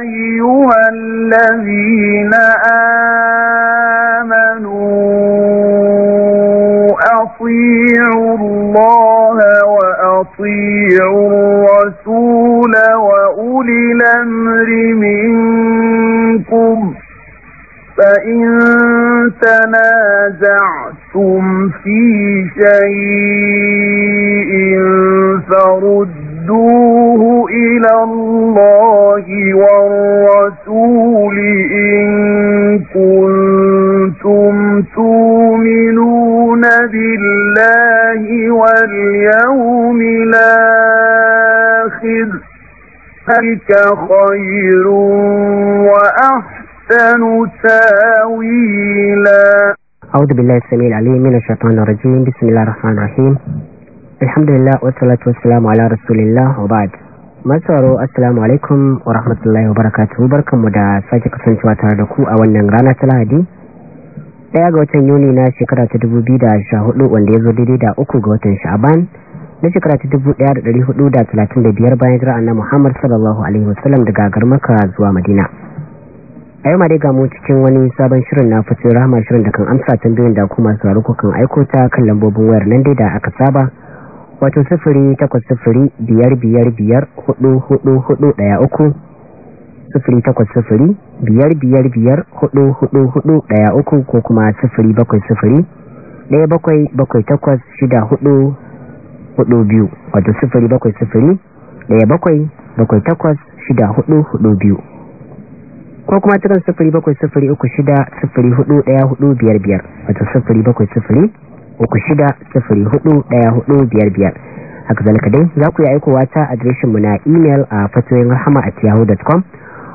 أيها الذي ذلك خير وأحسن تاويلا أعوذ بالله السميع العليم من الشيطان الرجيم بسم الله الرحمن الرحيم الحمد لله والصلاة والسلام على رسول الله وبعد masauro assalamu alaikum wa rahmatullahi wa barakatuhu barkanmu da sake kasancewa tare da ku a wannan rana ta lahadi ɗaya ga watan yuni na shekara ta 2014 wanda ya zo daidai da uku ga watan sha'aban na shekara ta dubu daya da dari hudu da talatin da biyar bayan jira annan muhammad sallallahu alaihi wasallam daga garmaka zuwa madina a yau ma dai gamu cikin wani sabon shirin na fito rahama shirin da kan amsa tambayoyin da kuma su ko kan aiko ta kan lambobin wayar nan dai da aka saba wato sufuri takwas sufuri biyar biyar biyar hudu hudu hudu daya uku sufuri takwas sufuri biyar biyar biyar hudu hudu hudu daya uku ko kuma sufuri bakwai sufuri ɗaya bakwai bakwai takwas shida hudu hudu biyu wato sifiri bakwai sifiri daya bakwai bakwai takwas shida hudu hudu biyu ko kuma cikin sifiri bakwai sifiri uku shida sifiri hudu daya hudu biyar biyar wato sifiri bakwai sifiri uku shida sifiri hudu daya hudu biyar biyar haka zalika dai za ku yi aikowa ta mu na imel a fatoyin rahama at yahoo.com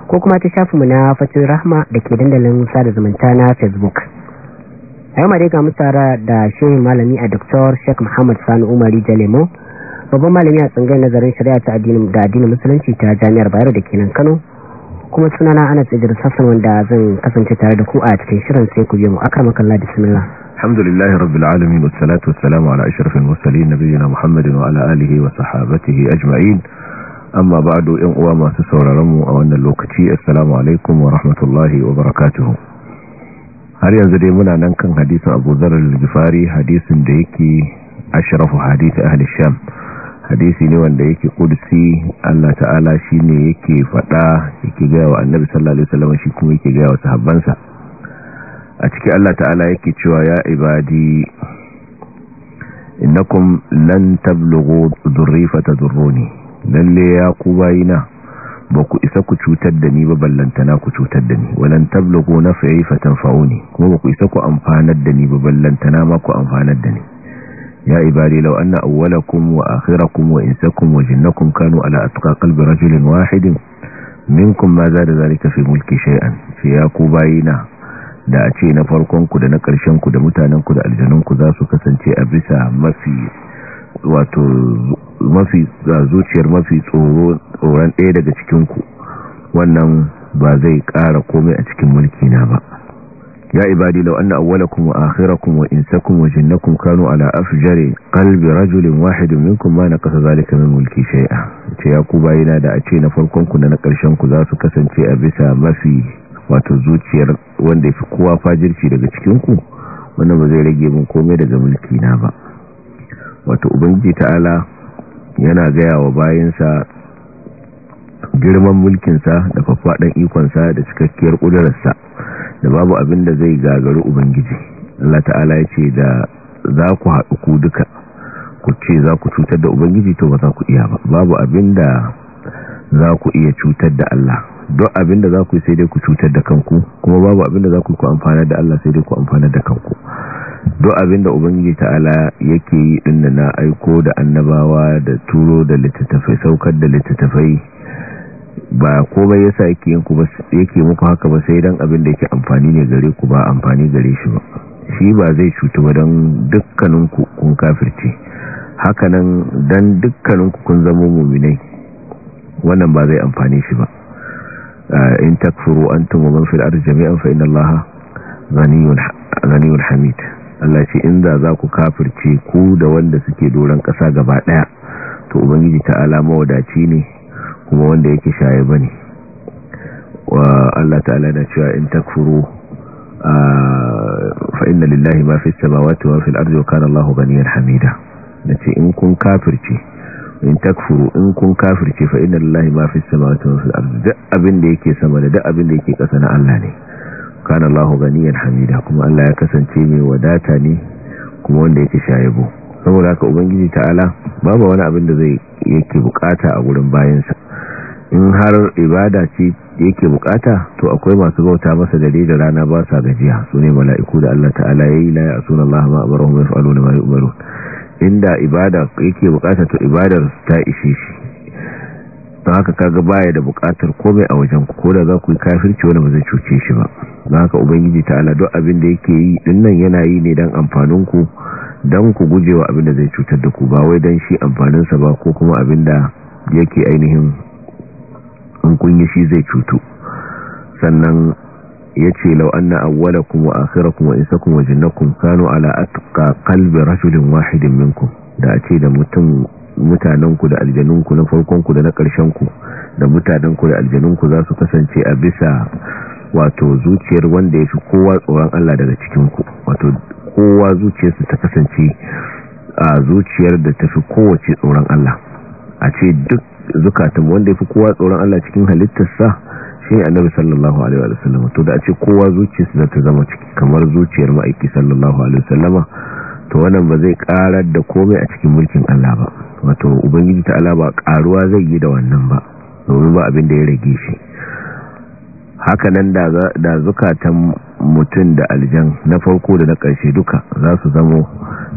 ko kuma ta shafi mu na fatoyin rahama da ke dandalin sada zumunta na facebook yau mare ga mutara da shehin malami a doktor sheik muhammad sanu umari lemo babban malami a tsangayin nazarin shari'a ta addinin da addinin musulunci ta jami'ar bayero da kenan kano kuma sunana ana tsajir sassan wanda zan kasance tare da ku a cikin shirin sai ku biyo mu aka makalla da similla alhamdulillah rabbil alamin wa salatu wassalamu ala ashrafil mursalin nabiyina muhammadin wa ala alihi wa sahabatihi ajma'in amma ba'du in uwa masu sauraron mu a wannan lokaci assalamu alaikum wa rahmatullahi wa barakatuh har yanzu dai muna nan kan hadisin abu zarar gifari hadisin da yake ashrafu hadisi ahli sham hadisi ne wanda yake kudusi Allah ta'ala shi ne yake fada yake gaya wa annabi sallallahu alaihi wasallam shi kuma yake gaya wa sahabbansa a cikin Allah ta'ala yake cewa ya ibadi innakum lan tablughu dhurri ne lalle ya bayina ba ku isa ku cutar da ni ba ballantana ku cutar da ni walan tablugu naf'i fatanfa'uni kuma ba ku isa ku amfanar da ni ba ballantana ma ku amfanar da ni ya ibadi law anna awwalakum wa akhirakum wa insakum wa jinnakum kanu ala atqa qalbi rajulin wahidin minkum ma zada zalika fi mulki shay'an fi yaqubayina da a ce na farkon ku da na ƙarshen ku da mutanen ku da aljanun ku za su kasance a bisa mafi wato mafi zuciyar mafi tsoron ɗaya daga cikinku wannan ba zai ƙara komai a cikin mulki na ba ya ibadi law anna awwalakum wa akhirakum wa insakum wa jinnakum kanu ala afjari qalbi rajulin wahidin minkum ma kasa zalika min mulki shay'a ce ya ku bayina da a ce na farkon ku da na ƙarshen ku za su kasance a bisa mafi wato zuciyar wanda ya fi kowa fajirci daga cikin ku wannan ba zai rage min komai daga mulki na ba wato ubangiji ta'ala yana gaya wa bayansa girman mulkinsa da faffaɗan ikonsa da cikakkiyar ƙudurarsa da babu abin da zai gagaru ubangiji Allah ta'ala ya ce da za ku haɗu ku duka ku ce za ku cutar da ubangiji to ba za ku iya ba babu abin da za ku iya cutar da Allah don abin da za ku sai dai ku cutar da kanku kuma babu abin da za ku yi ku amfana da Allah sai dai ku amfana da kanku duk abinda ubangiji ta'ala yake yi din na aiko da annabawa da turo da littattafai saukar da littattafai ba komai yasa yake yin ku yake muku haka ba sai dan abin da yake amfani ne gare ku ba amfani gare shi ba shi ba zai cutu ba dan dukkanin ku kun kafirce hakanan dan dukkanin ku kun zama mu'minai wannan ba zai amfani shi ba ah, in takfuru antum wa man fil ardi jami'an fa inna allaha hamid Allah ce inda za ku kafirce ku da wanda suke doron ƙasa gaba ɗaya to ubangiji ta alama wadaci ne kuma wanda yake shaye ba ne wa Allah ta'ala na cewa in takfuru fa inna lillahi ma fi samawati wa fil ardi wa kana Allahu ganiyan hamida nace in kun kafirce in takfuru in kun kafirce fa inna lillahi ma fi samawati wa fil ardi da abin da yake sama da da abin da yake ƙasa na Allah ne kana Allah ganiyar hamida kuma Allah ya kasance mai wadata ne kuma wanda yake shayebo saboda haka ubangiji ta'ala babu wani abin da zai yake bukata a gurin bayansa in har ibada ce yake bukata to akwai masu bauta masa dare da rana ba sa gajiya su ne mala'iku da Allah ta'ala ya yayi la sunan Allah ma amarahum wa yaf'aluna ma yu'marun inda ibada yake bukata to ibadar ta ishe shi don haka kaga baya da bukatar komai a wajen ku ko da za ku yi kafirci wani ba zai cuce shi ba don haka ubangiji ta duk abin da yake yi dinnan yana yi ne don amfanin ku don ku guje wa abin da zai cutar da ku ba wai don shi amfaninsa ba ko kuma abin da yake ainihin in kun shi zai cutu sannan ya ce lau an na awwala kuma akira kuma isa kuma jinnakun kano ala atka kalbi rajulin wahidin minkum da a ce da mutum mutanenku da aljanunku na farkonku da na ƙarshenku da mutanenku da aljanunku za su kasance a bisa wato zuciyar wanda ya fi kowa tsoron Allah daga cikinku wato kowa zuciyarsu ta kasance a zuciyar da ta fi kowace tsoron Allah a ce duk zukatan wanda ya fi kowa tsoron Allah cikin halittarsa shi ne annabi sallallahu alaihi wa sallam to da a ce kowa zuciyarsu za ta zama kamar zuciyar ma'aiki sallallahu alaihi wa sallama to wannan ba zai karar da komai a cikin mulkin Allah ba wato ubangiji ta Allah ba karuwa zai yi da wannan ba domin ba abin da ya rage shi haka nan da zukatan mutum da aljan na farko da na ƙarshe duka za su zamo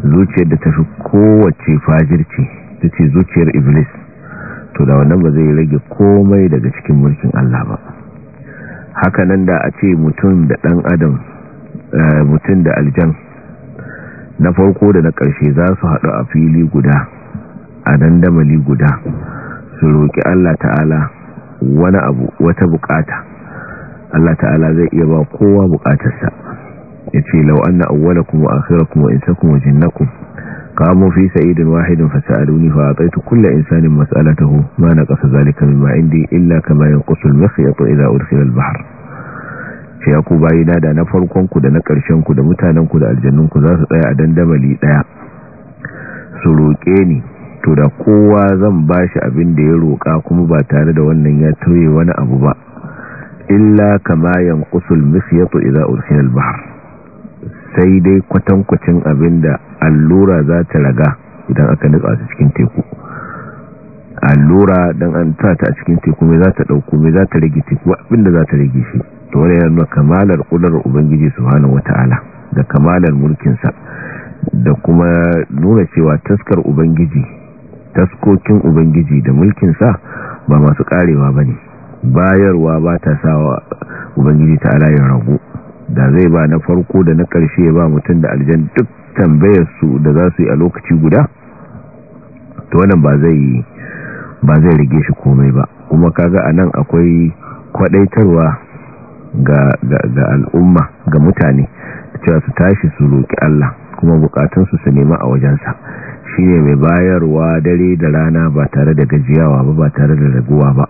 zuciyar da tafi kowace fajirci ta ce zuciyar iblis to da wannan ba zai rage komai daga cikin mulkin Allah ba haka nan da a ce mutum da ɗan adam eh, mutum da aljan na farko da na karshe za su haɗu a fili guda a dandamali guda su roƙi Allah ta'ala wani abu wata buƙata Allah ta'ala zai iya ba kowa buƙatarsa ya ce la'uwanna awwala kuma akira kuma insa kuma jinnakun kamun fi sa'idin wahidin fasa'adu ni fa a tsaitu kulla insanin matsalatahu ma na ƙasa zalika mai ma'indi illa kama yin ƙusul mafi ya ƙ ce ya ku bayina da na farkonku da na ƙarshenku da mutanenku da ku za su tsaya a dandamali ɗaya su roƙe ni to da kowa zan ba shi abin da ya roƙa kuma ba tare da wannan ya tauye wani abu ba illa kama yanqusul misyatu idza ursila al-bahr sai dai kwatankwacin abin da allura za ta raga idan aka nutsa su cikin teku allura dan an ta a cikin teku me za ta dauko me za ta rage teku abin da za ta rage shi ta wani ya kamalar kudar ubangiji su hana wata'ala da kamalar mulkinsa da kuma nuna cewa taskar ubangiji taskokin ubangiji da mulkinsa ba masu karewa ba ne bayarwa ba ta sawa ubangiji ta ya rago da zai ba na farko da na karshe ba mutum da aljan duk tambayarsu da za su yi a lokaci guda ta wannan ba zai ba rage shi komai ba kuma kaga anan akwai kwadaitarwa ga al'umma ga mutane cewa su tashi su roƙi Allah kuma bukatunsu su nema a wajensa shi ne mai bayarwa dare da rana ba tare da gajiyawa ba ba tare da raguwa ba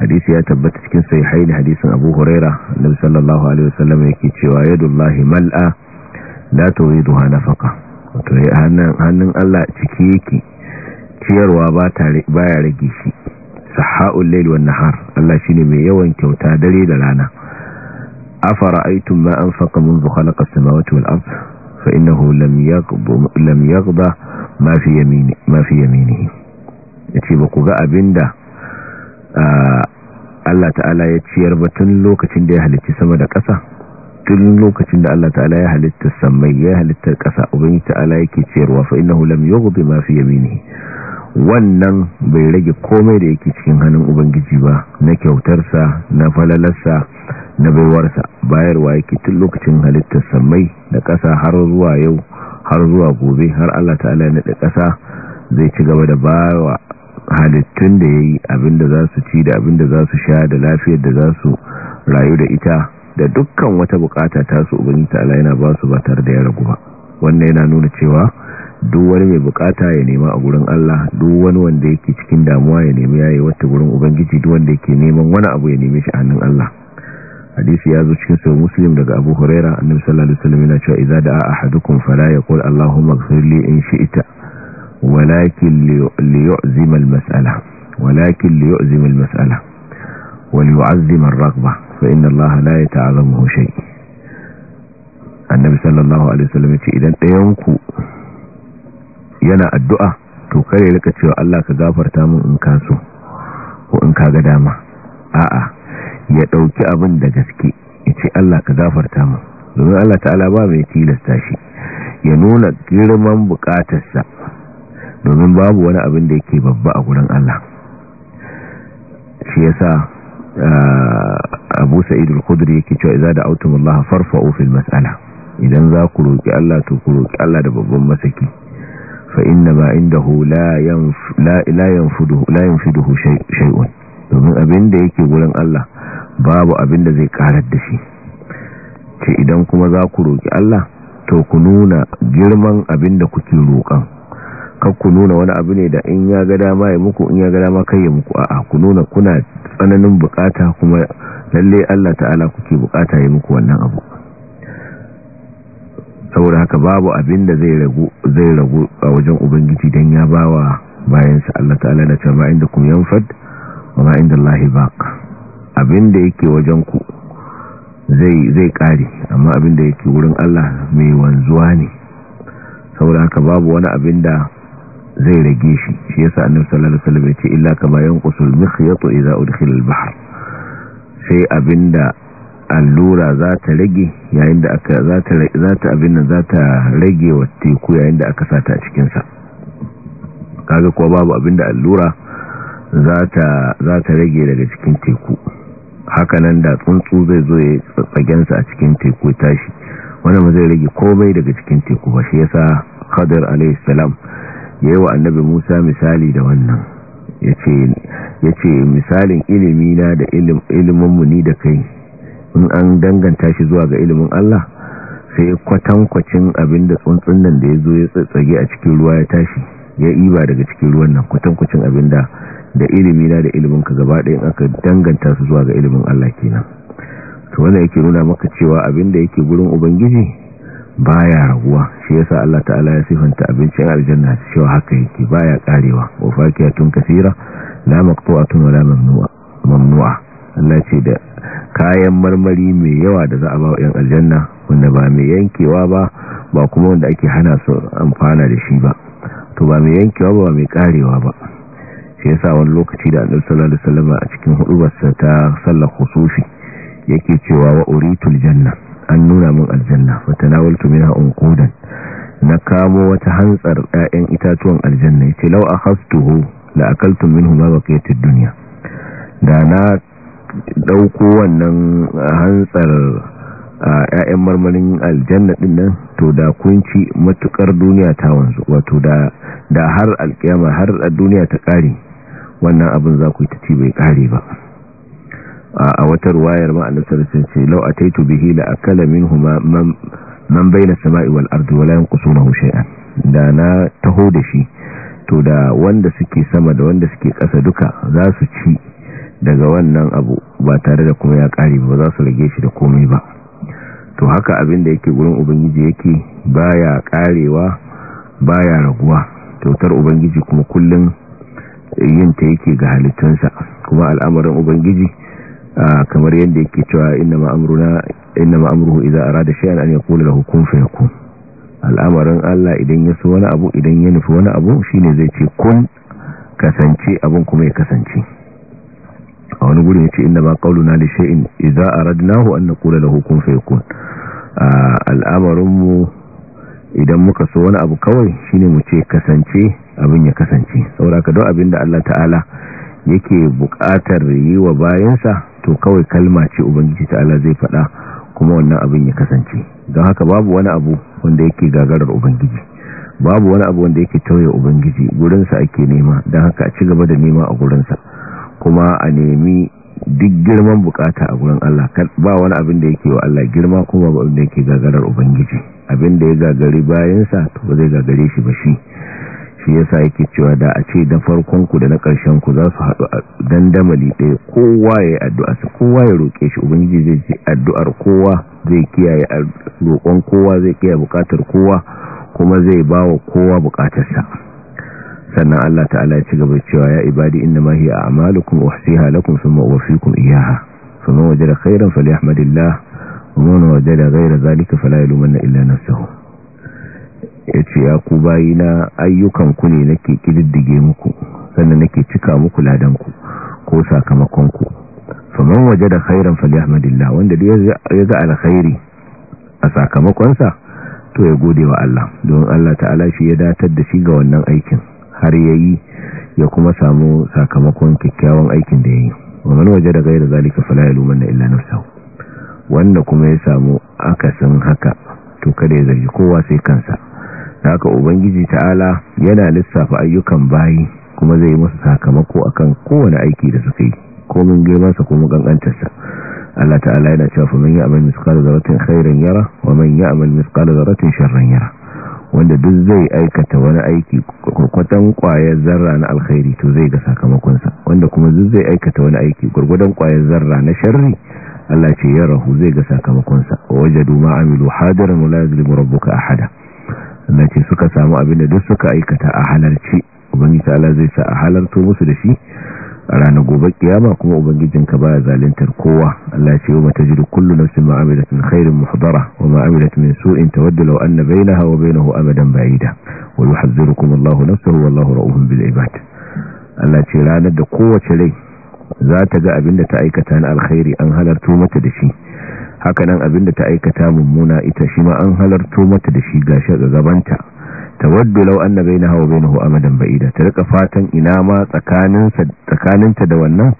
hadisi ya tabbata cikin sai haini hadisin Abu Huraira da sallallahu alaihi wasallam yake cewa yadullahi mal'a la turiduha nafaka wato hannun Allah ciki yake ciyarwa ba tare baya rage shi sahhaul layl wan nahar Allah shine mai yawan kyauta dare da rana afara'aytum ma an faka mun السماوات والارض فانه لم يغض لم يغض ما yace ba ku ga abinda Allah ta'ala ya ciyar ba tun lokacin da ya halicci sama da ƙasa tun lokacin da Allah ta'ala ya halitta samai ya halitta ƙasa ubangi ta'ala yake ciyarwa fa ina lam yughdi ma mafi yamini. wannan bai rage komai da yake cikin hannun ubangiji ba na kyautarsa na falalarsa na baiwarsa bayarwa yake tun lokacin halittar samai da ƙasa har zuwa yau har zuwa gobe har Allah ta'ala na da ƙasa zai ci gaba da bawa halittun da ya yayi abinda za su ci da abinda za su sha da lafiyar da za su rayu da ita da dukkan wata bukata ta su ubangiji ta'ala yana ba su ba tare da ya ragu ba wannan yana nuna cewa duk wani mai bukata ya nema a gurin Allah duk wani wanda yake cikin damuwa ya nemi yayi wata gurin ubangiji duk wanda yake neman wani abu ya neme shi a hannun Allah hadisi ya zo cikin sahih muslim daga Abu Huraira annabi sallallahu alaihi wasallam yana cewa idza da'a ahadukum fala yaqul Allahumma ighfirli in shi'ta walakin liyu'zima al-mas'ala walakin liyu'zima masala wa liyu'azzima ar-raghba fa inna Allah la yata'lamuhu shay annabi sallallahu alaihi wasallam ya ce idan ɗayan ku yana addu'a to kare rika cewa Allah ka gafarta min in ka so ko in ka ga dama a'a ya ɗauki abin da gaske ya ce Allah ka gafarta min domin Allah ta'ala ba mai tilasta shi ya nuna girman bukatarsa domin babu wani abin da yake babba a gurin Allah shi yasa Abu Sa'id al-Khudri yake cewa iza da Allah farfa'u fil mas'ala idan za ku roki Allah to ku roki Allah da babban masaki fa ينف لا لا la لا la شيء شيء domin abin da yake gurin Allah babu abin da zai karar da shi ce idan kuma za ku roki Allah to ku nuna girman abin da kuke roƙan kar ku nuna wani abu ne da in ya ga dama ya muku in ya ga dama kai ya muku a'a ku nuna kuna tsananin bukata kuma lalle Allah ta'ala kuke bukata ya muku wannan abu saboda haka babu abin da zai ragu zai ragu a wajen ubangiji dan ya bawa bayan Allah ta'ala da cewa inda kum yanfad wa ma inda Allah baq abin da yake wajen ku zai zai kare amma abin da yake wurin Allah mai wanzuwa ne saboda haka babu wani abin da zai rage shi shi yasa annabi sallallahu alaihi wasallam ya ce illa kama yanqusul mikhyatu idha udkhila al-bahr sai abinda allura za ta rage yayin da aka za ta za ta abin nan za ta rage wa teku yayin da aka sata a cikin sa kaga ko babu abin da allura za ta za ta rage daga cikin teku haka nan da tsuntsu zai zo ya tsagen sa a cikin teku tashi wannan ba zai rage komai daga cikin teku ba shi yasa Khadir alayhi salam yayi wa annabi Musa misali da wannan yace yace misalin ilimi na da ilimin mu ni da kai in an danganta shi zuwa ga ilimin Allah sai kwatankwacin abin da tsuntsun nan da ya zo ya tsatsage a cikin ruwa ya tashi ya iba daga cikin ruwan nan kwatankwacin abin da da ilimi na da ilimin ka gaba in aka danganta su zuwa ga ilimin Allah kenan to wanda yake nuna maka cewa abin da yake gurin ubangiji baya raguwa shi yasa Allah ta'ala ya sifanta abinci abincin aljanna cewa haka yake baya karewa wa fakiyatun kaseera la maqtu'atun wa la mamnu'a Allah ce da kayan marmari mai yawa da za a ba 'yan aljanna wanda ba mai yankewa ba ba kuma wanda ake hana su amfana da shi ba to ba mai yankewa ba mai karewa ba shi yasa wani lokaci da annabi sallallahu alaihi wasallam a cikin hudubarsa ta sallar khusufi yake cewa wa uritul janna an nuna min aljanna fa tanawaltu minha unqudan na kamo wata hantsar 'ya'yan itatuwan aljanna yace law akhadtuhu la akaltu minhu ma baqiyatid dunya da na dauko wannan hantsar a ƴaƴan marmarin aljanna din nan to da kunci matukar duniya ta wanzu wato da da har alkiyama har a duniya ta kare wannan abin za ku yi ta ci bai kare ba a wata ruwayar ma annabi nasarar alaihi wasallam ce law ataitu bihi la akala minhuma man man sama'i wal ardi wala suna shay'an da na taho da shi to da wanda suke sama da wanda suke ƙasa duka za su ci daga wannan abu ba tare da kuma ya kare ba za su rage shi da komai ba to haka abin da yake gurin ubangiji yake baya ƙarewa baya raguwa kyautar ubangiji kuma kullum yin ta yake ga halittunsa kuma al'amarin ubangiji kamar yadda yake cewa inna ma'amruna inna ma'amruhu idza arada shay'an an yaqula lahu kun fayakun al'amarin Allah idan ya so wani abu idan ya nufi wani abu shine zai ce kun kasance abin kuma ya kasance a wani gurin yace inna ma qauluna li shay'in idza aradnahu an naqula lahu kun fayakun al'amarin mu idan muka so wani abu kawai shine mu ce kasance abin ya kasance saboda duk abin da Allah ta'ala yake buƙatar yi wa bayansa to kawai kalma ce ubangiji ta'ala zai faɗa kuma wannan abin ya kasance don haka babu wani abu wanda yake gagarar ubangiji babu wani abu wanda yake tauye ubangiji gurinsa ake nema don haka a ci gaba da nema a gurinsa kuma a nemi duk girman bukata a gurin Allah ba wani abin da yake wa Allah girma kuma ba wanda yake gagarar ubangiji abin da ya gagari bayansa to zai gagare shi ba shi shi yasa yake cewa da a ce da farkon ku da na karshen ku za su haɗu a dandamali ɗaya kowa ya addu'a su kowa ya roƙe shi ubangiji zai ji addu'ar kowa zai kiyaye roƙon kowa zai kiyaye buƙatar kowa kuma zai ba wa kowa bukatarsa sannan Allah ta'ala ya ci gaba cewa ya ibadi ma hiya a'malukum uhsiha lakum thumma uwaffikum iyyaha faman wajada khairan falyahmadillah wa man wajada ghayra zalika fala yalumanna illa nafsuhu yace ya ku na ayyukan ku ne nake kididdige muku sannan nake cika muku ladan ku ko sakamakon ku faman wajada khairan falyahmadillah wanda ya ga alkhairi a sakamakonsa to ya gode wa Allah don Allah ta'ala shi ya datar da shi ga wannan aikin har yayi ya kuma samu sakamakon kyakkyawan aikin da yayi wa man waje da da zalika fala yalumanna illa nafsahu wanda kuma ya samu akasin haka to kada ya zargi kowa sai kansa haka ubangiji ta'ala yana lissafa ayyukan bayi kuma zai musu sakamako akan kowane aiki da suka yi komin girmansa kuma sa, Allah ta'ala yana cewa fa man ya'mal mithqala dharratin khairan yara wa man ya'mal mithqala dharratin sharran yara wanda duk zai aikata wani aiki kwakwatan kwayar zarra na alkhairi to zai ga sakamakonsa wanda kuma duk zai aikata wani aiki gwargwadon kwayar zarra na sharri Allah ce ya rahu zai ga sakamakonsa wajadu ma amilu hadiran mulazim rabbuka ahada Allah ce suka samu abin da duk suka aikata a halarci ubangiji Allah zai sa a halarto musu da shi a ranar gobe kiyama kuma ubangijinka baya zalintar kowa Allah ce yau mata jiri kullu nafsin ma min khairin muhdara wa ma amilat min su'in lauanna anna bainaha wa bainahu amadan ba'ida wa yuhadhdhirukum Allahu nafsahu wallahu ra'ufun bil ibad Allah ce ranar da kowace rai za ta ga abin da ta aikata na alkhairi an halarto mata da shi hakanan abin da ta aikata mummuna ita shi ma an halarto mata da shi gashi ga gabanta tawaddu law anna bainaha wa bainahu amadan ba'ida ta rika fatan ina ma tsakaninsa tsakaninta da wannan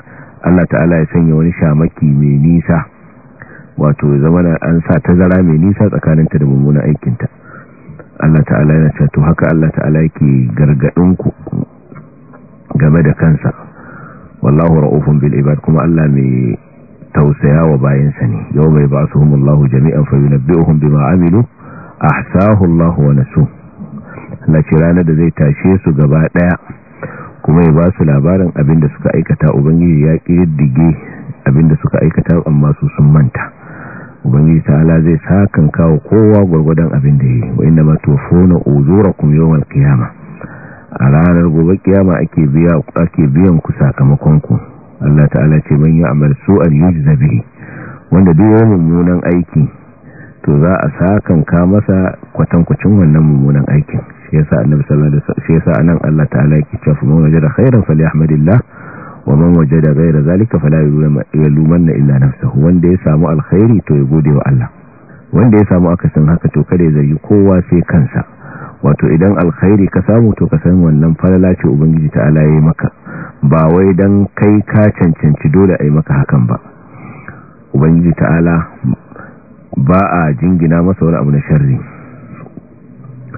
Allah ta'ala ya sanya wani shamaki mai nisa wato zamana an sa tazara mai nisa tsakaninta da mummunan aikinta Allah ta'ala yana cewa to haka Allah ta'ala yake gargadin ku game da kansa wallahu ra'ufun bil ibad kuma Allah mai tausaya wa bayansa ne yau mai ba'asuhumullahu jami'an fa yunabbi'uhum bima amilu ahsahu Allah wa nasuhu Allah ranar da zai tashe su gaba daya kuma ya ba su labarin abinda suka aikata ubangiji ya kirdige abinda suka aikata amma su sun manta ubangiji ta'ala zai sakan kawo kowa gwargwadon abin da yi wa inda ma tofona uzurakum yawmal kiyama a ranar gobe kiyama ake biya biyan ku sakamakon ku Allah ta'ala ce ban yi su'an yujza bihi wanda duk wani mummunan aiki to za a sakanka masa kwatankwacin wannan mummunan aikin shi yasa annabi sallallahu alaihi wasallam Allah ta'ala yake cewa man wajada khairan falyahmadillah wa man wajada ghayra zalika fala yalumanna illa nafsuhu wanda ya samu alkhairi to ya gode wa Allah wanda ya samu akasin haka to kada ya zargi kowa sai kansa wato idan alkhairi ka samu to ka san wannan falala ce ubangiji ta'ala yayi maka ba wai dan kai ka cancanci dole ai maka hakan ba ubangiji ta'ala ba a jingina masa wani abu na sharri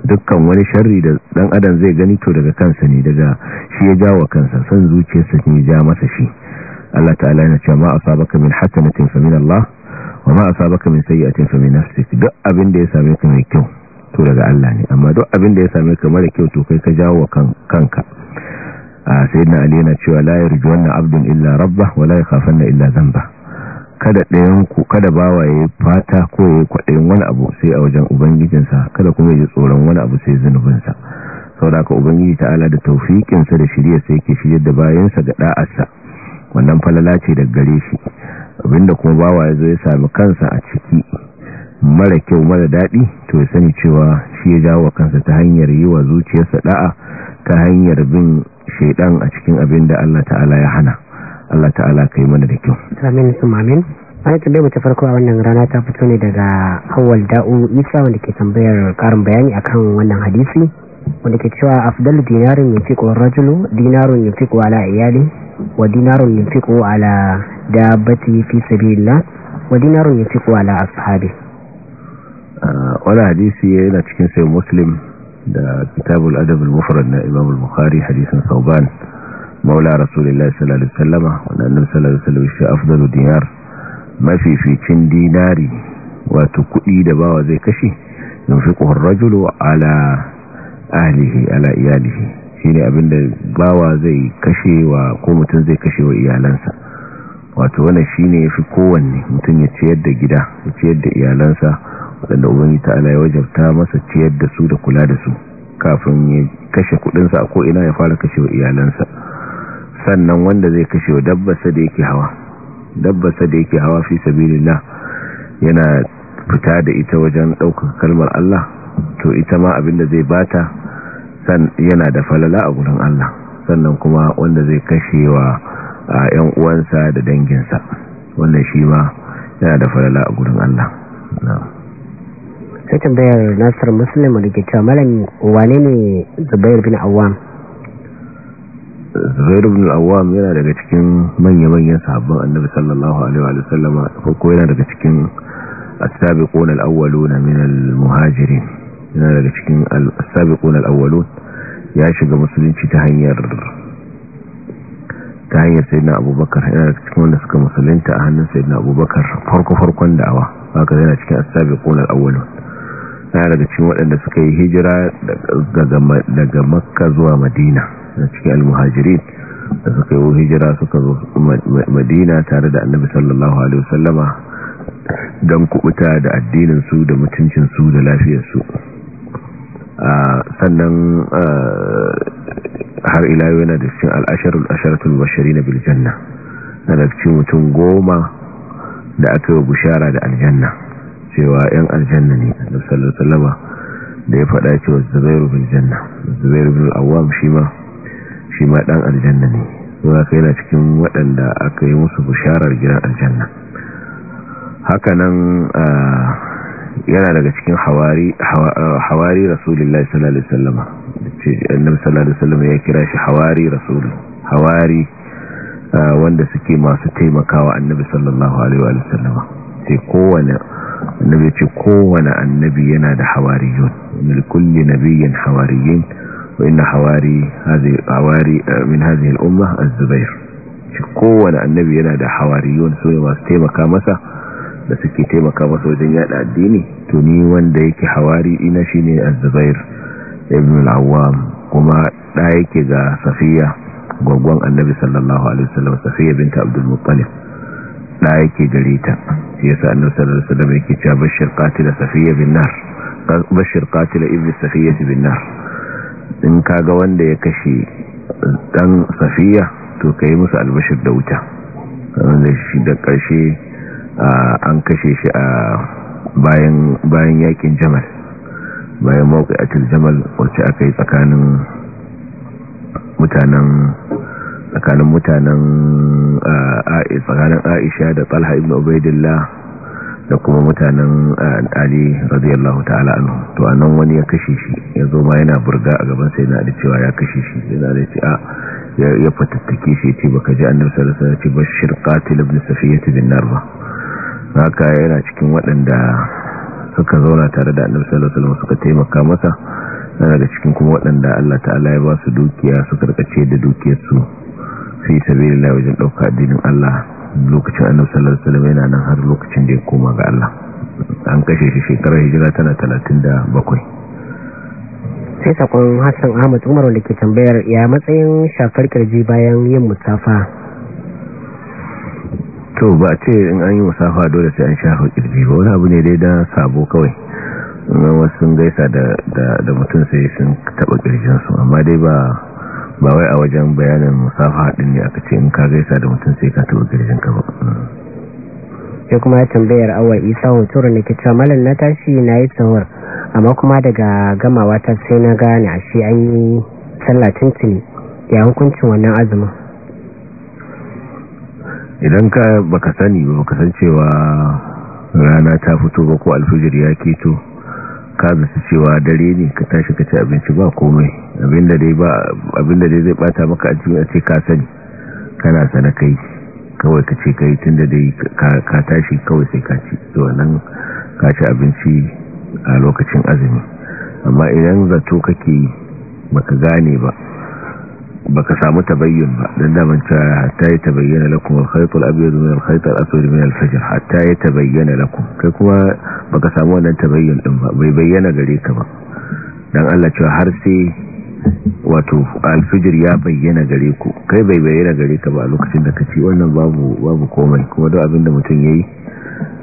dukkan wani sharri da dan adam zai gani to daga kansa ne daga shi ya jawo kansa san zuciyarsa ne ya masa shi Allah ta'ala yana cewa ma asabaka min hasanatin fa min Allah wa ma asabaka min sayyi'atin fa min nafsik duk abin da ya same ka mai kyau to daga Allah ne amma duk abin da ya same ka mara kyau to kai ka jawo kanka a ah, sayyidina ali yana cewa la yarju wannan abdun illa rabbah wa la yakhafanna illa dhanbah kada ku kada bawa ya fata ko ya kwaɗayin wani abu sai a wajen ubangijinsa kada kuma ya ji tsoron wani abu sai zunubinsa sau da aka ubangiji ta'ala da taufiƙinsa da shirya sai ke shirya da bayansa ga ɗa'arsa wannan falala ce da gare shi abinda kuma bawa ya zo ya sami kansa a ciki mara kyau mara daɗi to ya sani cewa shi ya jawo kansa ta hanyar yi wa zuciyarsa ɗa'a ta hanyar bin shaidan a cikin abin da Allah ta'ala ya hana Allah ta'ala kai mana da kyau amin mamin amin wani tambayar ta farko a wannan rana ta fito ne daga awwal da'u isa wanda ke tambayar karin bayani akan wannan hadisi wanda ke cewa afdalu dinarin yunfiqu ar-rajulu dinarun yunfiqu ala iyali wa dinarun yunfiqu ala dabbati fi sabilillah wa dinarun yunfiqu ala ashabi ah, wani hadisi yana cikin sai muslim da kitabul adab al-mufrad na imam al-bukhari hadisin sauban maula rasulullahi sallallahu alaihi wasallama wanda annabi sallallahu alaihi wasallam mafificin dinari wato kuɗi da bawa zai kashe yunfiqu ar-rajulu ala ahlihi ala iyalihi shine abinda bawa zai kashe wa ko mutum zai kashe wa iyalansa wato wannan shine yafi kowanne mutum ya ciyar da gida ya ciyar da iyalansa wadanda ubangi ta'ala ya wajabta masa ciyar da su da kula da su kafin ya kashe kudinsa a ko ina ya fara kashe wa iyalansa sannan wanda zai kashe wa dabbasa da yake hawa dabbasa da yake hawa fi sabilillah yana fita da ita wajen ɗaukar kalmar Allah to ita ma abinda zai bata san yana da falala a gurin Allah sannan kuma wanda zai kashe wa ‘yan uwansa da danginsa wannan shi ma yana da falala a gurin Allah sai tambayar nasar muslim da ke cewa malam wane ne zubair bin awam zubair bin al yana daga cikin manya-manyan sahabban annabi sallallahu alaihi wa sallama farko yana daga cikin as-sabiqun al-awwalun min al-muhajirin yana daga cikin as-sabiqun al-awwalun ya shiga musulunci ta hanyar ta hanyar sayyidina abubakar yana daga cikin wanda suka musulunta a hannun sayyidina abubakar farko-farkon da'awa haka yana cikin as-sabiqun al-awwalun yana daga cikin waɗanda suka yi hijira daga makka zuwa madina na cikin almuhajirin da suka yi hijira suka zo madina tare da annabi sallallahu alaihi wasallama don kubuta da addininsu da mutuncinsu da lafiyarsu sannan har ila yana da cikin al'asharul asharatul bashari na biljanna na da cikin mutum goma da aka yi bushara da aljanna cewa 'yan aljanna ne da sallallahu da ya faɗa cewa zubairu biljanna zubairu biljanna awam shi ma shi ma dan aljanna ne saboda na cikin waɗanda aka yi musu bisharar gidan aljanna Haka nan yana daga cikin hawari hawari rasulullahi sallallahu alaihi wasallam ce sallallahu alaihi wasallam ya kira shi hawari rasul hawari wanda suke masu taimakawa annabi sallallahu alaihi wasallam ce kowane annabi ce kowane annabi yana da hawariyun min kulli nabiyyin hawariyin وإن حواري هذه حواري من هذه kowane annabi yana da hawariyun soye masu taimaka masa da suke taimaka masa wajen yada addini to ni wanda yake hawari ina shine az-zubair ibn al kuma da yake ga safiya gwaggon annabi sallallahu alaihi wasallam safiya binta abdul muttalib da yake gare ta shi annabi sallallahu alaihi wasallam yake cewa bashir qatila safiya bin bashir qatila ibn safiya bin in kaga wanda ya kashe dan safiya to ka yi musu albashir da wuta wanda shi da ƙarshe an kashe shi a bayan yakin jamal bayan mawaƙi a jamal wacce aka yi tsakanin mutanen tsakanin mutanen tsakanin aisha da talha ibn ubaidillah da kuma mutanen eh, ali radiyallahu ta'ala anhu to anan wani ya kashe shi ya zo ma yana burga a gaban sai na da cewa ya kashe shi yana da ce a ya fatattake shi ce baka ji annabi sallallahu alaihi wasallam ce bashir qatil ibn safiyah bin nar ba haka yana cikin waɗanda suka zauna tare da annabi sallallahu alaihi wasallam suka taimaka masa yana da cikin kuma waɗanda Allah ta'ala ya ba su dukiya su karkace da dukiyarsu fi sabilillah wajen dauka addinin Allah lokacin annabi sallallahu alaihi wasallam yana nan har lokacin da ya koma ga Allah an kashe shi shekarar hijira tana 37 sai sakon hassan ahmad umar wanda ke tambayar ya matsayin shafar kirji bayan yin musafa to ba ce in an yi musafa dole sai an shafa kirji ba wani abu ne dai don sabo kawai wasu sun gaisa da mutum sai sun taba ƙirjinsu. amma dai ba ba wai a wajen bayanin musafa haɗin ne aka ce in ka gaisa da mutum sai ka taɓa girgin ka ba ya kuma ya tambayar awa isa hotura ne ke cewa na tashi na yi tsawar amma kuma daga gamawa ta sai na gane a shi an yi sallah tuntuni ya hukuncin wannan azumin idan ka baka sani ba baka san cewa rana ta fito ba ko alfijir ya keto ka zasu cewa dare ne ka tashi ka ci abinci ba komai abin da dai zai bata maka a cikin ce ka sani kana sana kai kawai ka ce kai tun da dai ka tashi kawai sai ka ci zuwa nan ka ci abinci a lokacin azumi amma idan zato kake baka gane ba baka samu tabayyun ba dan daman ta hatta ya tabayyana lakum al-khayt al-abyad min al-khayt al-aswad min al-fajr hatta ya tabayyana kai kuma baka samu wannan tabayyun din ba bai bayyana gare ka ba dan Allah cewa har sai wato alfijir ya bayyana gare ku kai bai bayyana gare ka ba a lokacin da ka kace wannan babu babu komai kuma duk da mutum yayi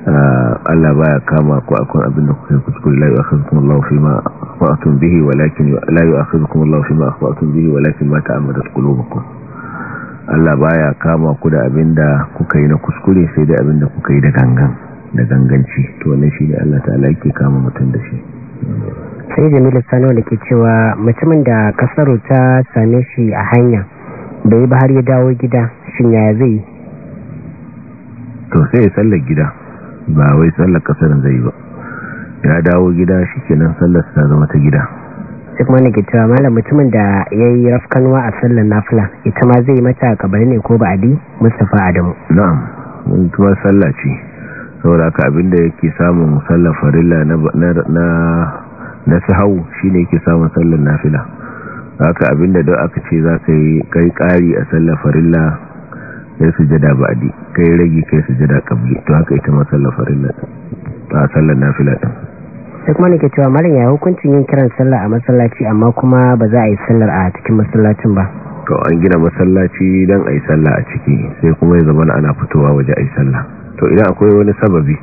Allah baya kama ku akwai abin da kuka kuskure la yu'akhidhukum Allahu fima akhta'tum bihi walakin la yu'akhidhukum Allahu fima akhta'tum bihi walakin ma ta'ammadat qulubukum Allah baya kama ku da abin da kuka yi na kuskure sai da abin da kuka yi da gangan da ganganci to wannan shine Allah ta'ala yake kama mutum da shi sai Jamilu Sani da ke cewa mutumin da kasaro ta same shi a hanya bai ba har ya dawo gida shin yaya zai to sai ya sallar gida ba wai sallar kasar zai ba ya dawo gida shi ke nan sallar ta zama ta gida Duk kuma nake cewa malam mutumin da ya yi rafkanwa a sallar nafila ita ma zai mata kabari ne ko di mustapha adamu na'am mutuwar sallah ce saboda haka da yake samun sallar farilla na su hau shi ne yake samun sallar nafila haka abinda da aka ce za ka yi kai kari a sallar farilla kai sujada ba'di kai rage kai sujada qabli to haka ita ma sallar farilla ta sallar nafila din sai kuma nake cewa mallan ya hukuncin yin kiran sallah a masallaci amma kuma ba za a yi sallar a cikin masallacin ba to an gina masallaci dan a yi sallah a ciki sai kuma ya zama ana fitowa waje a yi sallah to idan akwai wani sababi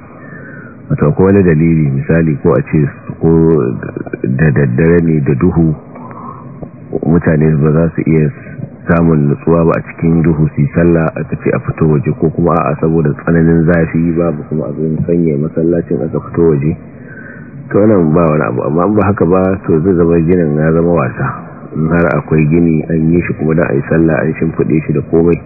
wato akwai wani dalili misali ko a ce ko da daddare ne da duhu mutane ba za su iya samun nutsuwa ba a cikin duhu su sallah a tafi a fito waje ko kuma a saboda tsananin zafi babu kuma abin sanya masallacin aka fito waje to nan ba wani abu amma ba haka ba to zai zama ginin ya zama wasa in har akwai gini an yi shi kuma da a yi sallah an shimfiɗe shi da komai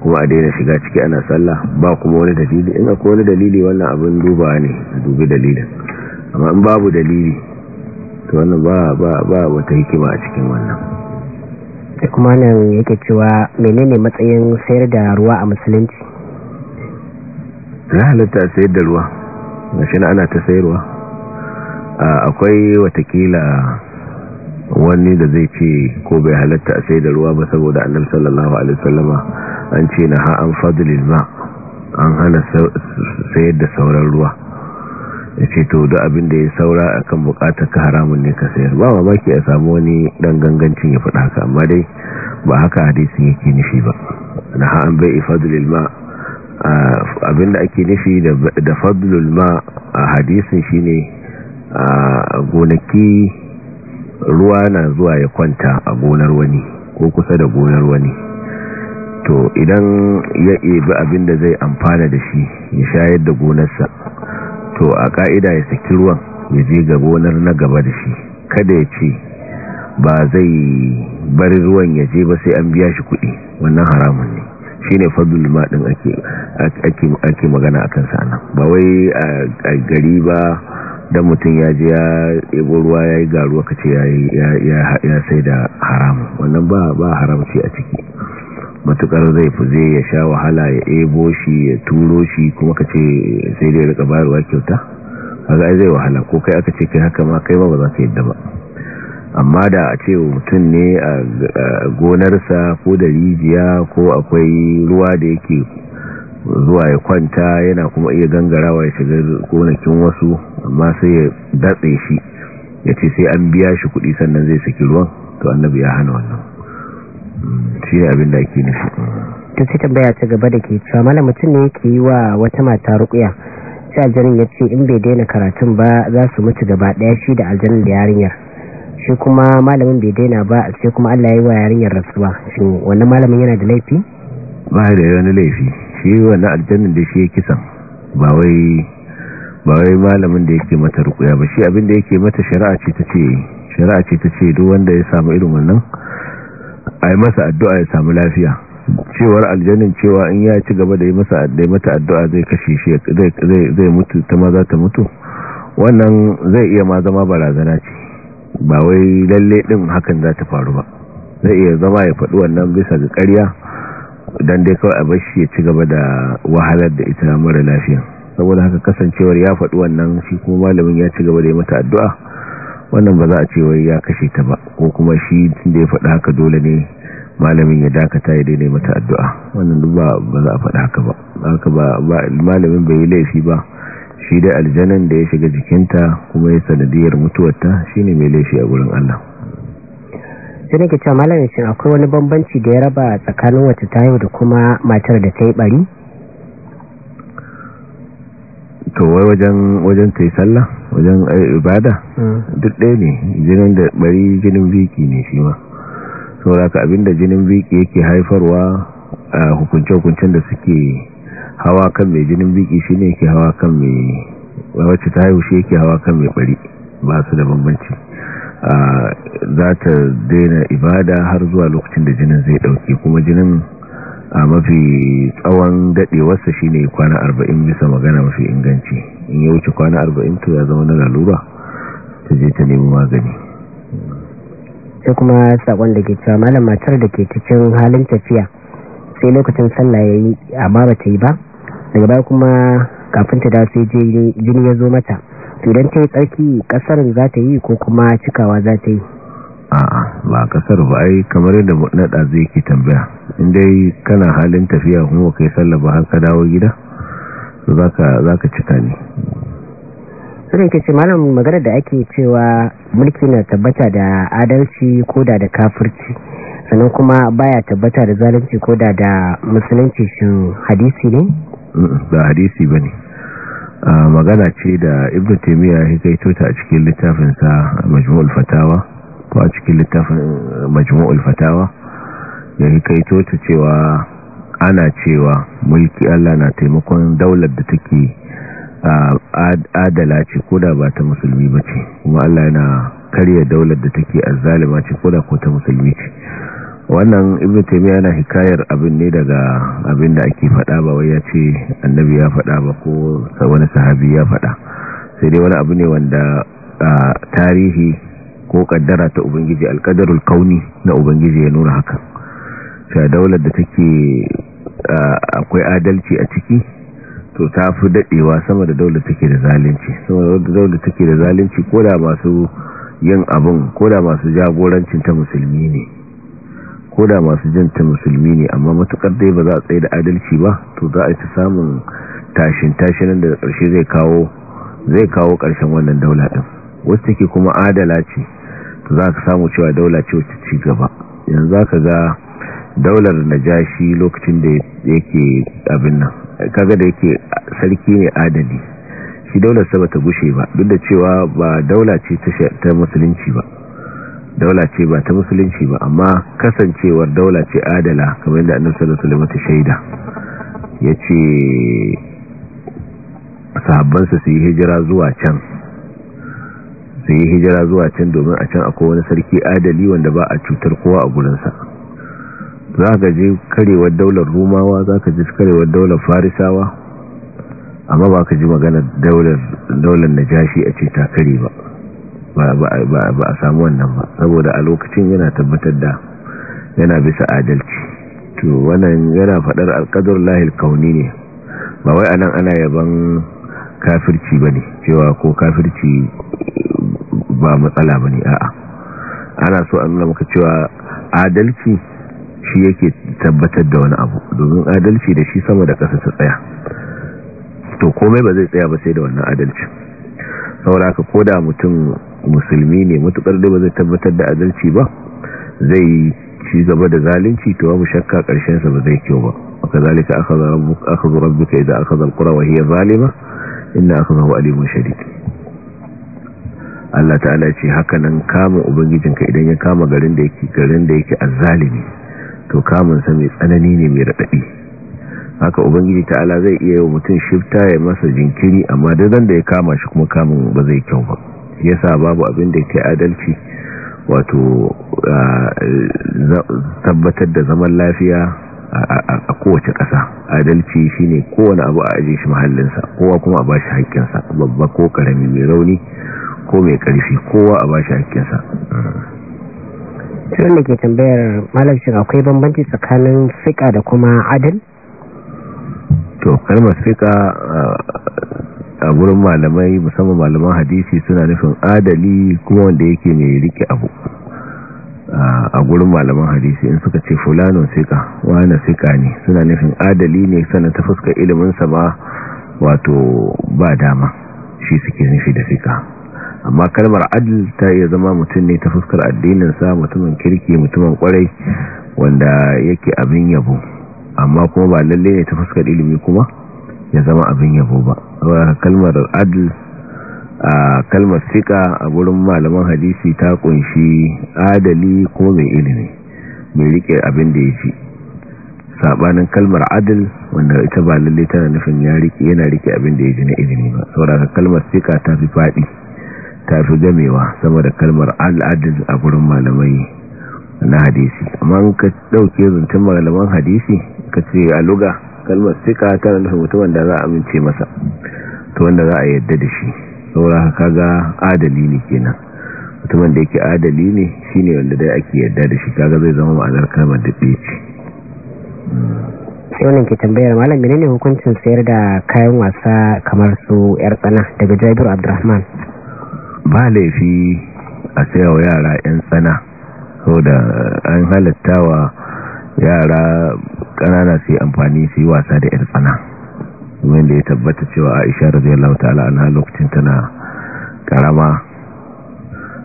kuma a daina shiga ciki ana salla ba kuma wani dalili in akwai wani dalili wannan abin duba ne a dubi dalilin amma in babu dalili to wannan ba ba ba wata hikima a cikin wannan malam yake cewa menene matsayin sayar da ruwa a musulunci ya halitta sayar da ruwa na shi ana ta sayarwa akwai watakila wani da zai ce ko bai halatta a sayar da ruwa ba saboda annabi sallallahu alaihi wasallama an ce na ha an fadlil ma an hana sayar da sauran ruwa ya ce to da abin da ya saura a kan bukatar ka haramun ne ka sayar ba baki a samu wani dan gangancin ya faɗa haka amma dai ba haka hadisin yake nufi ba na an bai ifadulil ma abin da ake nufi da fadlul ma a hadisin shine a gonaki ruwa na zuwa ya kwanta a gonar wani ko kusa da gonar wani to idan ya ebi abin da zai amfana da shi ya shayar da gonarsa to a ka'ida ya saki ruwan ya je ga gonar na gaba da shi kada ya ce ba zai bari ruwan ya je ba sai an biya shi kuɗi wannan haramun ne shi ne fadul maɗin ake magana a kansa nan ba wai a gari ba don mutum ya je ya ruwa ya yi garuwa ka ce ya sai da haramun wannan ba haramci a ciki matukar zai zai ya sha wahala ya ebo shi ya turo shi kuma ka ce sai dai rika bayarwa kyauta kaga zai wahala ko kai aka ce kai haka ma kai ba ba za ka yadda ba amma da a ce mutum ne a gonarsa ko da rijiya ko akwai ruwa da yake zuwa ya kwanta yana kuma iya gangarawa ya shiga gonakin wasu amma sai ya datse shi ya ce sai an biya shi kuɗi sannan zai saki ruwan to annabi ya hana wannan shi ne abin da ake nufi ta sai tambaya ta gaba da ke cewa malam mutum ne yake yi wa wata mata rukuya sai aljanin ya ce in bai daina karatun ba za su mutu gaba daya shi da aljanin da yarinyar shi kuma malamin bai daina ba sai kuma Allah ya yi wa yarinyar rasuwa shi wannan malamin yana da laifi ba da wani laifi shi wannan aljanin da shi ya kisan ba wai ba wai malamin da yake mata rukuya ba shi abin da yake mata shari'a ce ta ce shari'a ce ta ce duk wanda ya samu irin wannan a yi masa addu'a ya samu lafiya cewar aljanin cewa in ya ci gaba da yi masa mata addu'a zai kashe shi zai mutu ta ma za ta mutu wannan zai iya ma zama barazana ce ba wai lalle din hakan za ta faru ba zai iya zama ya faɗi wannan bisa ga karya don dai kawai a shi ya ci gaba da wahalar da ita mara lafiya saboda haka kasancewar ya faɗi wannan shi kuma malamin ya ci gaba da yi mata addu'a wannan ba za a ce wai ya kashe ta ba ko kuma shi da ya faɗa haka dole ne malamin ya dakata ya daidai mata addu'a wannan duk ba za a faɗa haka ba haka ba malamin bai yi laifi ba shi da aljanan da ya shiga jikinta kuma ya sanadiyar mutuwarta ne mai laifi a gurin Allah sai ka cewa malamin shi akwai wani bambanci da ya raba tsakanin wata ta da kuma matar da ta yi bari to wai wajen wajen yi sallah wajen eh, ibada hmm. duk ɗaya ne jinin da bari jinin biki ne shi ma sauraka abinda jinin biki yake haifarwa a hukunce-hukuncen da suke hawa kan mai jinin biki shi ne yake hawa kan mai wacce ta haihu shi yake hawa kan mai bari ba su da bambanci za ta daina ibada har zuwa lokacin da jinin zai ɗauke kuma jinin a mafi tsawon dadewarsa shine kwana arba'in bisa magana mafi inganci in ya wuce kwana arba'in to ya zama na lalura ta je ta nemi magani sai kuma sakon da ke cewa malam matar da ke cikin halin tafiya sai lokacin sallah ya yayi amma ta yi ba daga baya kuma kafin ta da sai jini ya zo mata to idan ta yi tsarki ƙasar za ta yi ko kuma cikawa za ta yi a'a ba kasar ba ai kamar yadda naɗa zai ke tambaya indai kana halin tafiya kuma kai sallah ba har ka dawo gida za ka cika ne sunan ke ce malam magana da ake cewa mulki na tabbata da adalci koda da kafirci sannan kuma baya tabbata da zalunci koda da musulunci shin hadisi ne ba hadisi ba ne. Ah, magana ce da ibnu taimiyar ya kai ta a cikin littafinsa Majmul fatawa ko a cikin littafin eh, majmu'ul fatawa ya hikaito ta cewa ana cewa mulki Allah na taimakon daular da take adala ce koda ba ta musulmi ba ce kuma Allah yana karya daular da take azzalima ce koda ko ta musulmi ce wannan ibnu taymiya yana hikayar abin ne daga abin da ake faɗa ba wai ya ce annabi ya faɗa ba ko wani sahabi ya fada sai dai wani abu ne wanda tarihi ko kaddara ta ubangiji alkadarul kauni na ubangiji ya nuna haka sha daular da take akwai adalci a ciki to ta fi dadewa sama da daular take da zalunci sama da daular take da zalunci koda masu yin abin da masu jagorancin ta musulmi ne ko da masu jin ta musulmi ne amma matukar dai ba za a tsaye da adalci ba to za a ta samun tashin tashinan da karshe zai kawo zai karshen wannan daula din wacce take kuma adala ce za ka samu cewa daula ce wacce ci gaba yanzu za ka ga daular najashi lokacin da yake abin nan kaga da yake sarki ne adali shi daular sa bata gushe ba duk da cewa ba daula ce ta musulunci ba daula ce ba ta musulunci ba amma kasancewar daula ce adala kamar yadda annabi sallallahu alaihi wasallam shaida yace sahabbansa su yi hijira zuwa can su yi hijira zuwa can domin a can akwai wani sarki adali wanda ba a cutar kowa a gurinsa za ka ji karewar daular rumawa za ka ji karewar daular farisawa amma ba ka ji magana daular na jashi a ce ta kare ba ba a samu wannan ba saboda a lokacin yana tabbatar da yana bisa adalci to wannan yana faɗar alƙadar lahil kauni ne ba wai anan ana yaban kafirci ba ne cewa ko kafirci ba matsala ba ne a'a ana so an maka cewa adalci shi yake tabbatar da wani abu domin adalci da shi sama da ƙasa ta tsaya to komai ba zai tsaya ba sai da wannan adalci saboda ko da mutum musulmi ne mutukar da ba zai tabbatar da adalci ba zai ci gaba da zalunci to babu shakka karshen sa ba zai kiyo ba aka zalika akhadha rabbuka akhadha rabbuka idza akhadha alqura wa hiya zalima inna akhdahu alimun shadid Allah ta'ala ce haka nan kamun ubangijinka idan ya kama garin da yake garin da yake azzalimi to kamun sa mai tsanani ne mai radadi haka ubangiji ta'ala zai iya yi mutum shifta ya masa jinkiri amma da zan da ya kama shi kuma kamun ba zai kyau ba yasa babu abin da yake adalci wato tabbatar da zaman lafiya a kowace kasa adalci shine kowane abu a aje shi mahallinsa kowa kuma a ba shi haƙƙinsa babba ko ƙarami mai rauni ko mai karfi kowa a bashi hakkinsa turin da ke tambayar malamcin akwai bambanci tsakanin fika da kuma adal? to kalmar fika a gurin malamai musamman malaman hadisi suna nufin adali kuma wanda yake mai rike abu a gurin malaman hadisi in suka ce fulano sika wani fika ne suna nufin adali ne sannan ta fuska iliminsa ba wato ba dama shi suke nufi da sika amma kalmar adil ta iya zama mutum ne ta fuskar addininsa mutumin kirki mutumin kwarai wanda yake abin yabo amma kuma ba lalle ne ta fuskar ilimi kuma ya zama abin yabo ba kalmar adil a kalmar sika a wurin malaman hadisi ta kunshi adali kuma mai ilimi mai rike abin da ya ji sabanin kalmar adil wanda ita ba lalle tana nufin yana rike abin da ya ji na ilimi ba saboda kalmar sika ta fi fadi ta fi gamewa sama da kalmar al'adis a gurin malamai na hadisi amma ka ɗauke zancen malaman hadisi ka ce a luga kalmar suka tana nufin mutumin da za a amince masa to wanda za a yadda da shi saura ga adali ne kenan mutumin da yake adali ne shine wanda dai ake yadda da shi kaga zai zama ma'anar kalmar da ɗaya ce wannan ke tambayar malam menene hukuncin sayar da kayan wasa kamar su yar tsana daga Jabir abdurrahman ba laifi a sayawa yara 'yan tsana da an wa yara ƙanana su yi amfani su yi wasa da 'yan tsana wanda ya tabbata cewa aisha zai ta'ala ana lokacin tana karama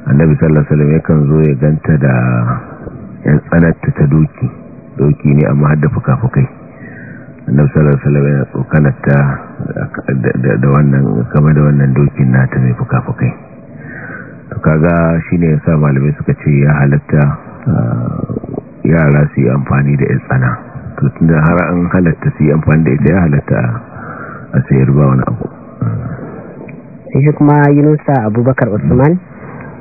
annabi sallallahu alaihi wasallam yakan zo ya ganta da 'yan tsanarta ta doki doki ne amma har da fuka-fukai annabi sallallahu alaihi wasallam yana tsokanarta da wannan game da wannan dokin nata mai fuka-fukai kaga shine yasa malamai suka ce ya halatta ah, yara su yi amfani da tsana to tunda har an halatta su yi amfani da ita ya halatta a sayar ba wani abu sai shi kuma yunusa abubakar usman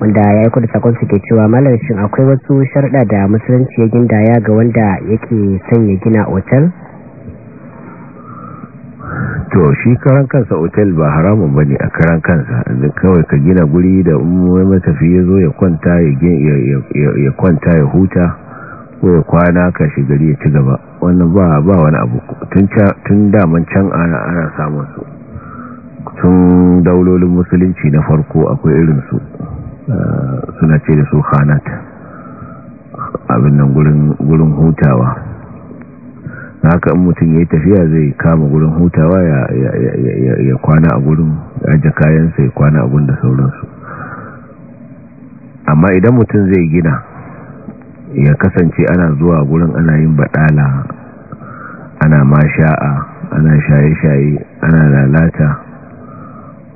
wanda ya yi kudu sakon suke cewa malam shin akwai wasu sharɗa da musulunci ya gindaya ga wanda yake son ya gina otal to shi karan kansa otel ba haramun ba ne a karan kansa da kawai ka gina guri da umar matafi ya zo ya kwanta ya huta ko ya kwana ka shi gari ya ci gaba wannan ba wani abu tun daman can ana samun su tun daulolin musulunci na farko akwai irinsu eh, suna ce da su hanat abin nan gurin hutawa haka in mutum ya yi tafiya zai kama gurin hutawa ya kwana a gurin aje kayansa ya kwana a gurin da sauransu amma idan mutum zai gina ya kasance ana zuwa gurin ana yin baɗala ana masha'a ana shaye-shaye ana lalata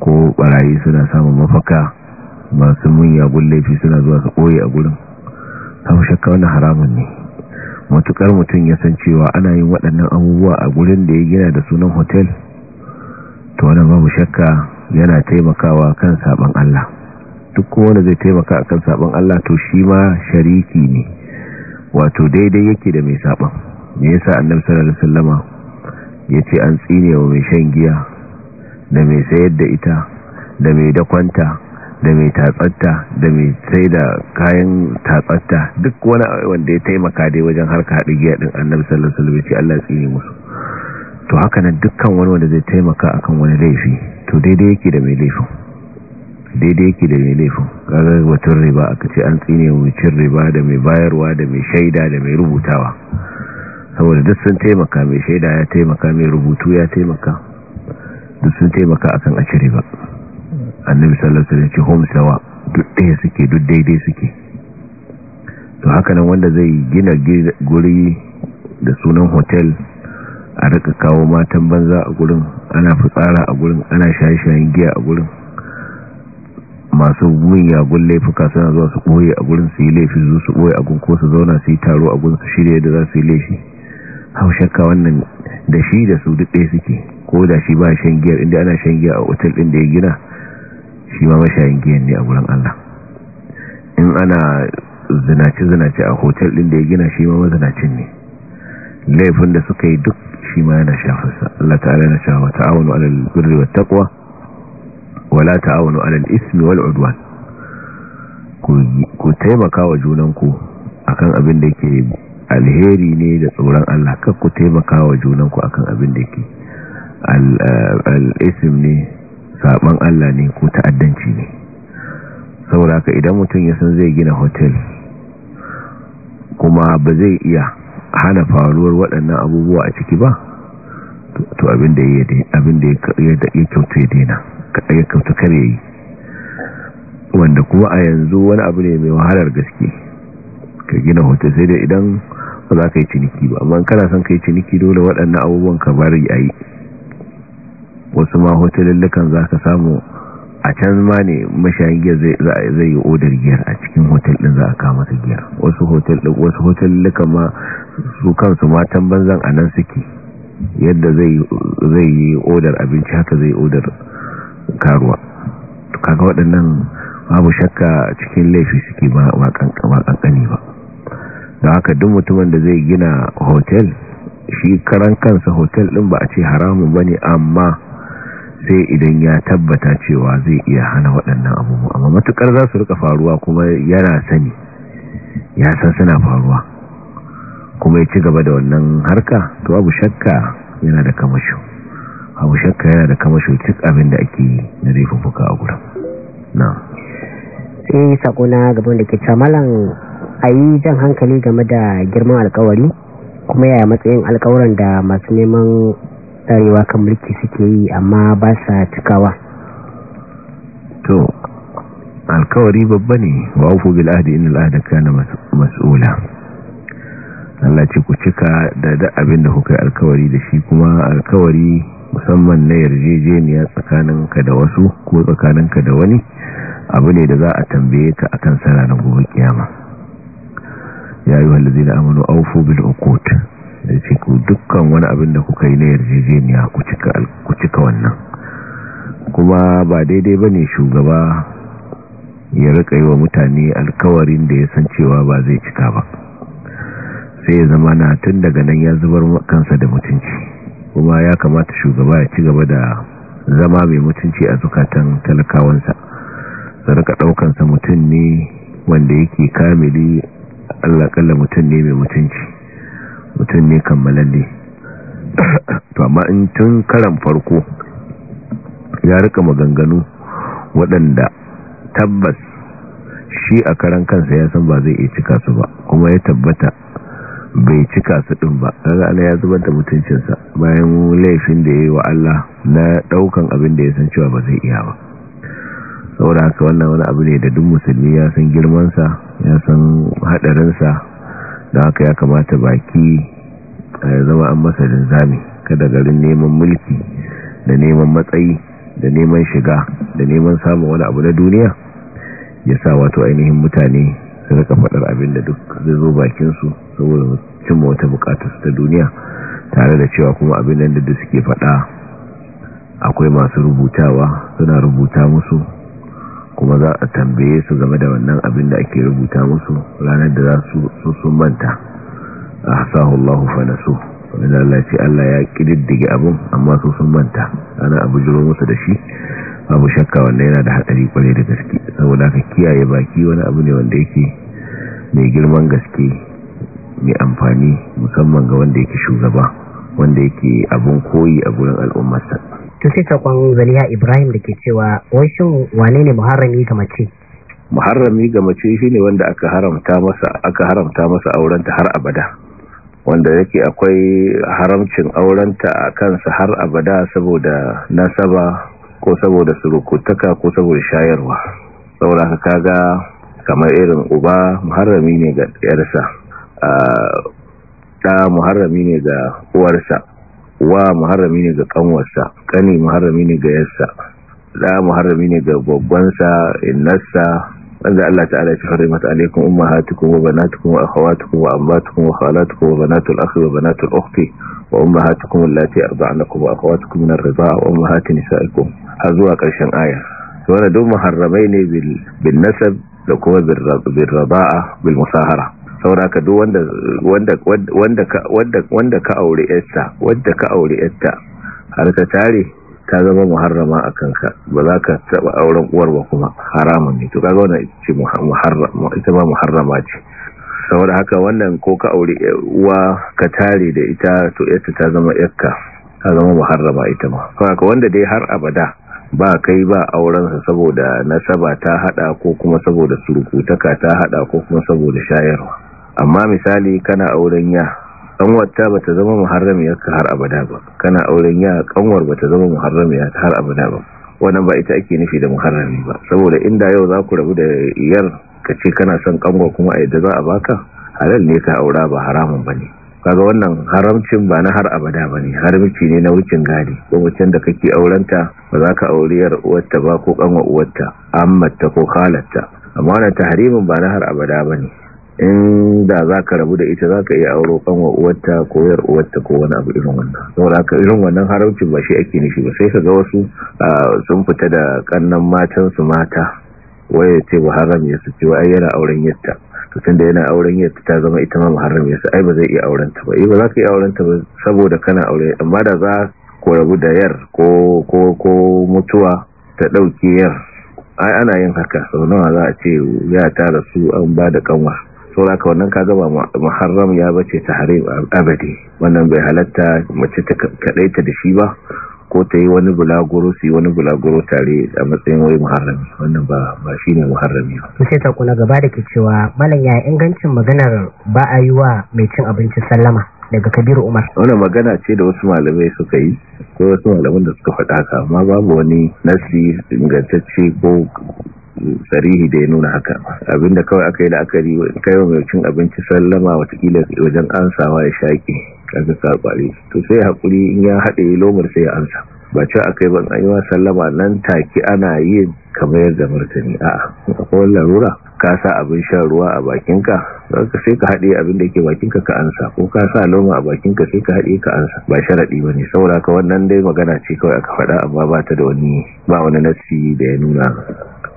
ko barayi suna samun mafaka masu munyagun laifi suna zuwa su ɓoye a gurin hau wani haramun ne matukar mutum ya san cewa ana yin waɗannan abubuwa a gurin da ya gina da sunan hotel to wannan babu shakka yana taimakawa kan saban Allah duk wanda zai taimaka kan saban Allah to shi ma shariki ne wato daidai yake da mai saban me yasa annabi sallallahu alaihi wasallama yace an tsine wa mai shan giya da mai sayar da ita da mai dakwanta da mai tatsatta da mai sai da kayan tatsatta duk wani wanda ya taimaka dai wajen harka haɗi giya ɗin annabi sallallahu alaihi wasallam ce Allah tsini musu to haka nan dukkan wani wanda zai taimaka akan wani laifi to daidai yake da mai laifin daidai yake da mai laifin kaga batun riba aka ce an tsine mu cin riba da mai bayarwa da mai shaida da mai rubutawa saboda duk sun taimaka mai shaida ya taimaka mai rubutu ya taimaka duk sun taimaka akan a ci riba annabi sallallahu alaihi wasallam ce hum sawa duk ɗaya suke duk daidai suke to haka nan wanda zai gina guri da sunan hotel a rika kawo matan banza a gurin ana fitsara a gurin ana shaye-shayen giya a gurin masu gun laifuka suna zuwa su ɓoye a gurin su yi laifin zuwa su ɓoye a gun ko su zauna su yi taro a gun su shirya da za su yi laifi hau shakka wannan da shi da su duk ɗaya suke ko da shi ba shan giyar inda ana shan giya a otal ɗin da ya gina shi ma mashayin giyan ne a wurin Allah in ana zinace-zinace a hotel ɗin da ya gina shi ma mazinacin ne laifin da suka yi duk shi ma yana shafarsa Allah ta'ala na cewa wa ta'awunu alal birri wa taqwa wa la ta'awunu alal ismi wal udwan ku taimaka wa junanku akan abin da yake alheri ne da tsoron Allah kar ku taimaka wa junanku akan abin da yake al-ism eh, ne saban Allah ne ko ta'addanci ne saboda ka idan mutum ya san zai gina hotel kuma ba zai iya hana faruwar waɗannan abubuwa a ciki ba to abin da ya kyautu ya dina ya kyautu kare yi wanda kuma a yanzu wani abu ne mai wahalar gaske ka gina hoto sai da idan ba za ka yi ciniki ba amma kana son ka yi ciniki dole waɗannan abubuwan ka bari a yi wasu ma hotelullukan za ka samu a can ma ne mashayin zai yi odar giyar a cikin hotel din za a kama ta giyar wasu hotelullukan ma su kansu matan banzan a nan suke yadda zai yi odar abinci haka zai odar karuwa kaga waɗannan babu shakka cikin laifi suke ba kankani ba da haka duk mutumin da zai gina hotel shi karan kansa hotel din ba a ce haramun ba ne amma sai idan ya tabbata cewa zai iya hana waɗannan abubuwa amma matukar za su rika faruwa kuma yana sani ya san suna faruwa kuma ya ci gaba da wannan harka to abu shakka yana da kamasho abu shakka yana da kamasho cik abin da ake yi na a gurin na sai sako na gaban da ke camalan a yi jan hankali game da girman alkawari kuma yaya matsayin alkawaran da masu neman Tsarewa kan mulki suke yi amma ba sa cikawa to alkawari babba ne wa ufu bil ahdi innal ahda kana mas'ula Allah ce ku cika da da abin da kuka alkawari da shi kuma alkawari musamman na yarjejeniya tsakanin ka da wasu ko tsakanin ka da wani abu ne da za a tambaye ka akan sarana na gobe kiyama ya yi wallazi na amonu bil okot da ce ku dukkan wani abin da kuka yi na yarjejeniya ku cika wannan kuma ba daidai ba ne shugaba ya rika yi wa mutane alkawarin da ya san cewa ba zai cika ba sai ya zama na tun daga nan ya zubar kansa da mutunci kuma ya kamata shugaba ya ci gaba da zama mai mutunci a zukatan talakawansa da rika ɗaukansa mutum ne wanda yake kamili allakalla mutum ne mai mutunci mutum ne kammalalle to amma in tun karan farko ya rika maganganu waɗanda tabbas shi a karan kansa ya san ba zai iya cika su ba kuma ya tabbata bai cika su ɗin ba kaga ana ya zubar da mutuncinsa bayan laifin da ya yi wa Allah na ɗaukan abin da ya san cewa ba zai iya ba saboda haka wannan wani abu ne da duk musulmi ya san girmansa ya san haɗarinsa Da haka ya kamata baki ya eh, zama an masa linzami kada garin neman mulki da neman matsayi da neman shiga da neman samun wani abu na duniya ya sa wato ainihin mutane su rika faɗar abin da duk zai zo bakinsu saboda cimma wata su ta duniya tare da cewa kuma abin da suke faɗa akwai masu rubutawa suna rubuta musu kuma za a tambaye su game da wannan abin da ake rubuta musu ranar da za su sun manta a na fanasu wani lalace Allah ya kididdige abin amma su sun manta ana abu jiro musu da shi abu shakka wanda yana da haɗari kwarai da gaske saboda haka kiyaye baki wani abu ne wanda yake mai girman gaske mai amfani musamman ga wanda yake shugaba wanda yake abin koyi a gurin al'ummarsa to sai sakon zaliya ibrahim da ke cewa wai shin wane ne muharrami ga mace muharrami ga mace shine wanda aka haramta masa aurenta har abada wanda yake akwai haramcin aurenta a kansa har abada saboda nasaba ko saboda surukutaka ko saboda shayarwa saboda haka kaga kamar irin uba muharrami ne ga yarsa ɗa muharrami ne ga uwarsa wa muharrami ne ga kanwarsa kani muharrami ne ga yarsa la muharrami ne ga babbansa innasa wanda Allah ta'ala ya fara mata alaikum ummahatukum wa banatukum wa akhawatukum wa ammatukum wa khalatukum wa banatul akhi wa banatul ukhti wa ummahatukum allati arda'nakum wa akhawatukum min ar-ridha'a wa ummahat nisa'ikum har karshen aya wanda duk muharramai ne bil nasab da kuma bil rida'a bil musahara sauraka duk wanda wanda wanda ka wanda wanda ka aure yarta wanda ka aure yarta har ta tare ta zama muharrama a kanka ba za ka taba auren uwar ba kuma haramun ne to kaga wannan ce muharrama ita ba muharrama ce saboda haka wannan ko ka aure uwa ka tare da ita to yarta ta zama yarka ta zama muharrama ita ma saboda wanda dai har abada ba kai ba auren aurensa saboda nasaba ta hada ko kuma saboda surukutaka ta hada ko kuma saboda shayarwa amma misali kana auren ya kanwarta bata zama ka har abada ba kana auren ya kanwar bata zama muharramiya har abada ba wannan ba ita ake nufi da muharrami ba saboda inda yau za ku rabu da iyar ka ce kana son kanwa kuma a yadda za a baka halal ne ka aura ba haramun bane kaga wannan haramcin ba na har abada bane haramci ne na wucin gadi wucin da kake aurenta ba za ka aure yar uwarta ba ko ƙanwar uwarta amma ta ko khalatta amma wannan tahrimin ba na har abada bane inda za ka rabu da ita za ka iya auro kanwa uwarta ko yar uwarta ko wani abu irin wannan saboda haka irin wannan haraucin ba shi ake nufi ba sai ka ga wasu sun fita da kannan matansu mata waye ce muharram ya su cewa ai yana auren yatta to tunda yana auren yatta ta zama ita ma muharram ya su ai ba zai iya auren ta ba eh ba za ka iya auren ta ba saboda kana aure amma da za ko rabu da yar ko ko ko mutuwa ta dauke yar ai ana yin haka sau nawa za a ce ya ta rasu an ba da kanwa sauraka wannan ka gaba muharram ya bace tahrim abadi wannan bai halatta mace ta kadaita da shi ba ko ta yi wani bulaguro su yi wani bulaguro tare a matsayin wai muharrami wannan ba shi ne muharrami ba. sai ta kuna gaba da ke cewa malam ya ingancin maganar ba a yi wa mai cin abincin sallama daga kabiru umar Wani magana ce da wasu malamai suka yi ko wasu malamin da suka faɗa haka amma babu wani nasi ingantacce ko sarihi da ya nuna haka abinda kawai aka yi la'akari kai mai cin abinci sallama watakila wajen ansawa ya shaƙi kaga saɓari to sai haƙuri in ya haɗe lomar sai ya ansa ba ce a kai ban wasan sallama nan take ana yi kamar yadda martani a akwai larura ka sa abin shan ruwa a bakinka ka sai ka haɗe abin da yake bakinka ka ansa ko ka sa loma a bakinka sai ka haɗe ka ansa ba sharaɗi ba ne saura ka wannan dai magana ce kawai aka faɗa amma ba ta da wani ba wani nasi da ya nuna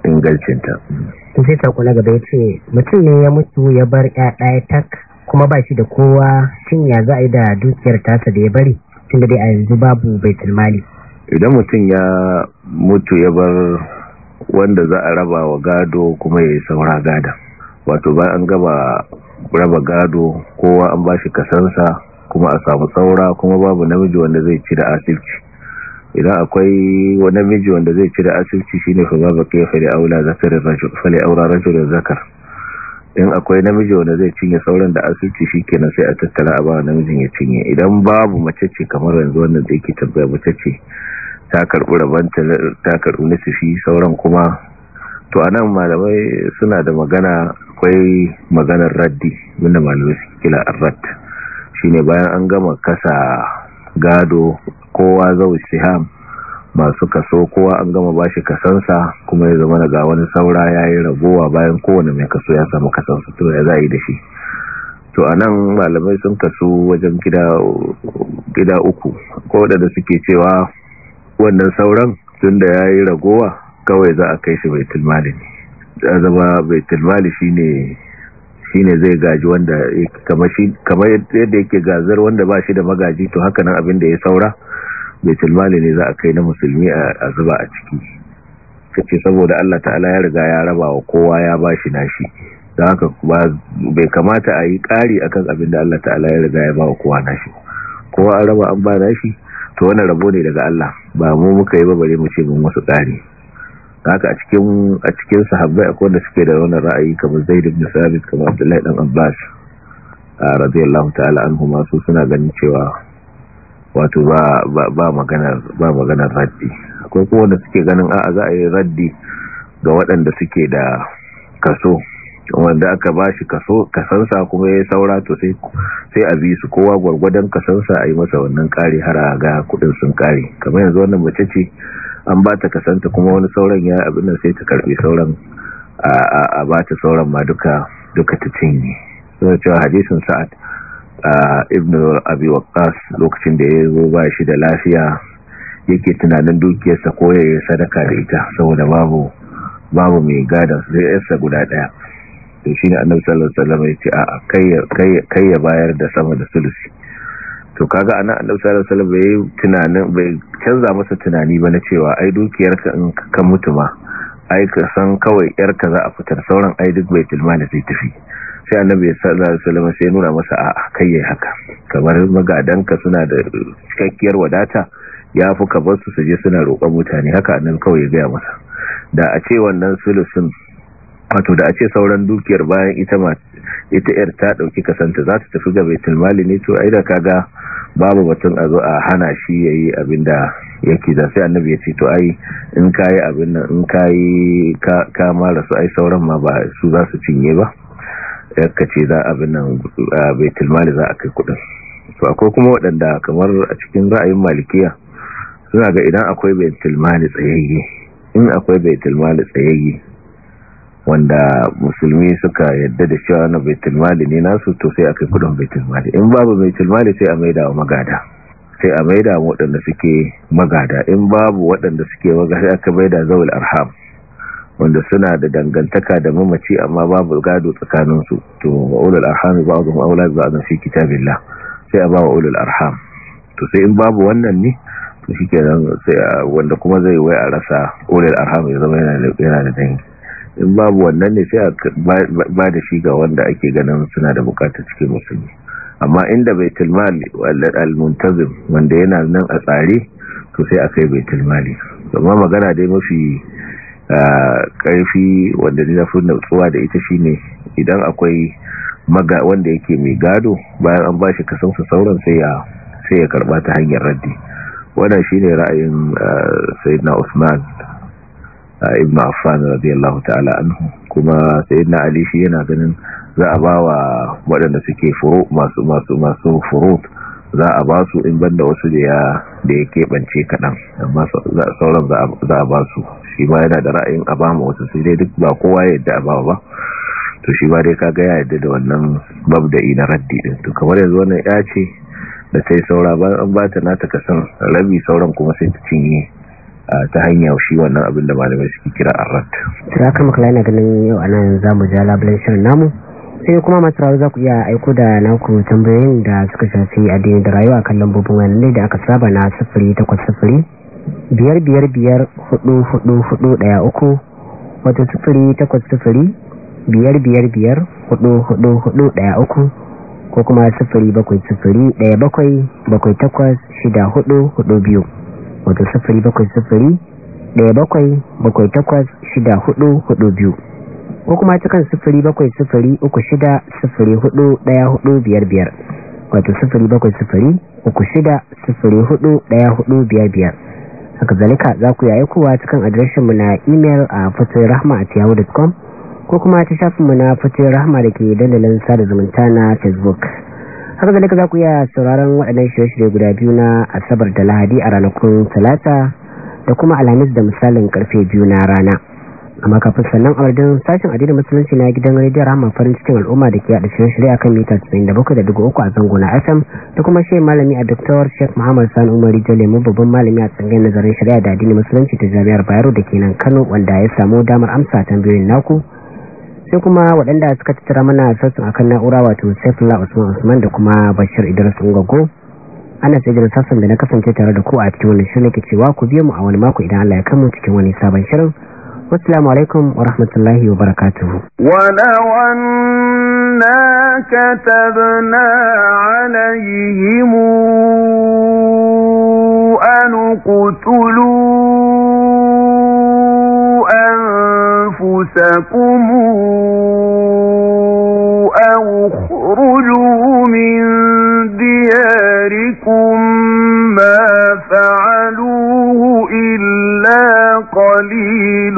ingancinta. to sai ta kula gaba ya ce mutum ne ya mutu ya bar ɗaya tak kuma ba da kowa shin ya za yi da dukiyar tasa da ya bari tun da dai a yanzu babu baitulmali idan mutum ya mutu ya bar wanda za a raba wa gado kuma ya saura gada wato bayan an gaba raba gado kowa an ba shi kasansa kuma a samu saura kuma babu namiji wanda zai ci da asirci idan akwai wani miji wanda zai ci da asirci shine fa babu kai fa da aula zakar rajul da zakar in akwai namiji wanda zai cinye sauran da asirci nan sai a tattara a ba namijin ya cinye idan babu mace kamar yanzu wannan da yake tabbaya mace ta karɓi rabanta ta karɓi nasifi sauran kuma to anan malamai suna da magana akwai maganar raddi wanda malamai suke kila arrat shine bayan an gama kasa gado kowa zau siham masu kaso kowa an gama bashi kasansa kuma ya zama daga wani saura ya yi ragowa bayan kowane mai kaso ya samu kasansa to ya za yi da shi to a nan malamai sun kaso wajen gida uku ko da suke cewa wannan sauran tun da ya yi ragowa kawai za a kai shi bai tilmali ne ya zama bai tilmali shi ne zai gaji wanda kama yadda yake gazar wanda ba shi da magaji to haka nan abin da ya saura bai tilmali ne za a kai na musulmi a zuba a ciki kace saboda Allah ta'ala ya riga ya raba wa kowa ya bashi nashi don haka kuma bai kamata a yi ƙari akan abin da Allah ta'ala ya riga ya ba wa kowa nashi kowa an raba an ba nashi to wannan rabo ne daga Allah ba mu muka yi bare mu ce mun wasu tsari haka a cikin a cikin sahabbai akwai wanda suke da wannan ra'ayi kamar Zaid ibn Sabit kamar Abdullah dan Abbas radiyallahu ta'ala anhuma su suna ganin cewa wato ba ba magana ba magana raddi akwai kuma wanda suke ganin a'a za a yi raddi ga waɗanda suke da kaso wanda aka ba shi kasansa kuma ya saura to sai a bisu su kowa gwargwadon kasansa a yi masa wannan kare har a ga kudin sun kare. kamar yanzu wannan mace ce an ba ta kasanta kuma wani sauran ya abin da sai ta karbi sauran a ba ta sauran ma duka duka ta cinye suna cewa hadisin sa'ad ibn abi waqas lokacin da ya zo ba shi da lafiya yake tunanin dukiyarsa ko ya sadaka da ita saboda babu babu mai gadon sai yarsa guda daya shi ne annabi sallallahu alaihi wasallam ya ce a'a kai ya bayar da sama da sulusi to kaga anan annabi sallallahu alaihi wasallam bai tunanin bai canza masa tunani ba na cewa ai dukiyarka in ka mutu ma ai ka san kawai yarka za a fitar sauran ai duk bai tilma da zai tafi sai annabi sallallahu alaihi wasallam sai nuna masa a kai yayi haka kamar magadanka suna da cikakkiyar wadata ya fi ka su je suna roƙon mutane haka annabi kawai ya gaya masa da a ce wannan sulusin wato da a ce sauran dukiyar bayan ita ma ita yar ta dauki kasanta za ta tafi ga baitul mali ne to ka kaga babu batun a zo a hana shi yayi abinda yake da sai annabi ya ce to ai in kai abin nan in kai ka ka mara su ai sauran ma ba su za su cinye ba yakka ce za abin nan baitul mali za a kai kudin to akwai kuma waɗanda kamar a cikin ra'ayin malikiya suna ga idan akwai baitul mali tsayayye in akwai baitul mali tsayayye wanda musulmi suka yadda da cewa na baitul mali ne nasu to sai aka kudin baitul mali in babu baitul mali sai a maida wa magada sai a maida wa waɗanda suke magada in babu waɗanda suke magada aka maida zawul arham wanda suna da dangantaka da mamaci amma babu gado tsakaninsu to ulul arham ba'dhum a zan fi kitabillah sai a ba wa ulul arham to sai in babu wannan ne to shikenan sai wanda kuma zai wai a rasa ulul arham ya zama yana da dangi in babu wannan ne sai a ba da shi ga wanda ake ganin suna da bukatar cikin musulmi amma inda bai mali al-muntazim wanda yana nan a tsare to sai akai baitul mali amma magana dai mafi karfi wanda ni na fi nutsuwa da ita shine idan akwai maga wanda yake mai gado bayan an bashi kasan sa sauran sai ya sai ya karba ta hanyar raddi wannan shine ra'ayin sayyidina Usman ibn Affan radiyallahu ta'ala anhu kuma sayyidina Ali shi yana ganin za a bawa waɗanda suke furu masu masu masu furut za a ba su in banda wasu da ya da ya keɓance kaɗan amma sauran za a ba su shi ma yana da ra'ayin a ba mu wasu sai dai duk ba kowa ya yadda a ba ba to shi ba dai ga ya yadda da wannan babda'i na raddi din to kamar yanzu wannan ya ce da sai saura ba, an ba ta nata kasan rabi sauran kuma sai ta cinye ta hanyar shi wannan abin da malamai suke kira arrat ya kama kala ina ganin yau a nan za mu ja labarin shirin namu sai kuma masu rawar za ku iya aiko da naku tambayoyin da suka shafi addini da rayuwa kan lambobin wani ne da aka saba na sufuri takwas sufuri biyar biyar biyar hudu hudu hudu daya uku wato sufuri takwas sufuri biyar biyar biyar hudu hudu hudu daya uku ko kuma sufuri bakwai sufuri daya bakwai bakwai takwas shida hudu hudu biyu wato sufuri bakwai sufuri ɗaya bakwai bakwai takwas shida hudu hudu biyu ko kuma ta kan sufuri bakwai sufuri uku shida sufuri hudu ɗaya hudu biyar biyar wato sufuri bakwai sufuri uku shida sufuri hudu ɗaya hudu biyar biyar haka zalika za ku yayi kowa adireshin mu na imel a fatoyin a tiyahu.com ko kuma ta shafinmu na fatoyin rahama dandalin sada zumunta na facebook haka zai za ku iya sauraron waɗannan shirye-shirye guda biyu na asabar da lahadi a ranakun talata da kuma alhamis da misalin karfe biyu na rana amma kafin sannan a wajen sashen addinin musulunci na gidan rediyon rama farin cikin al'umma da ke yada shirye-shirye a kan mita 97.3 a zangona asam. da kuma shi malami a dr sheikh muhammad san umar lemu babban malami a tsangayar nazarin shari'a da addinin musulunci ta jami'ar bayero da ke nan kano wanda ya samu damar amsa tambayoyin naku sai kuma waɗanda suka tattara mana sassun akan na'ura wato saifula usman usman da kuma bashir idris ungago ana jirgin sassan da na kasance tare da ku a cikin wani shirin ke cewa ku biyo mu a wani mako idan allah ya kama cikin wani sabon shirin wasu alaikum wa rahmatullahi wa barakatuhu أن قتلوا أنفسكم أو اخرجوا من دياركم ما فعلوه إلا قليل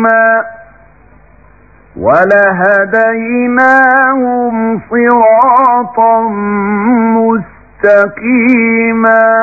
هُدًى وَلَهَدَيْنَاهُمْ صِرَاطًا مُسْتَقِيمًا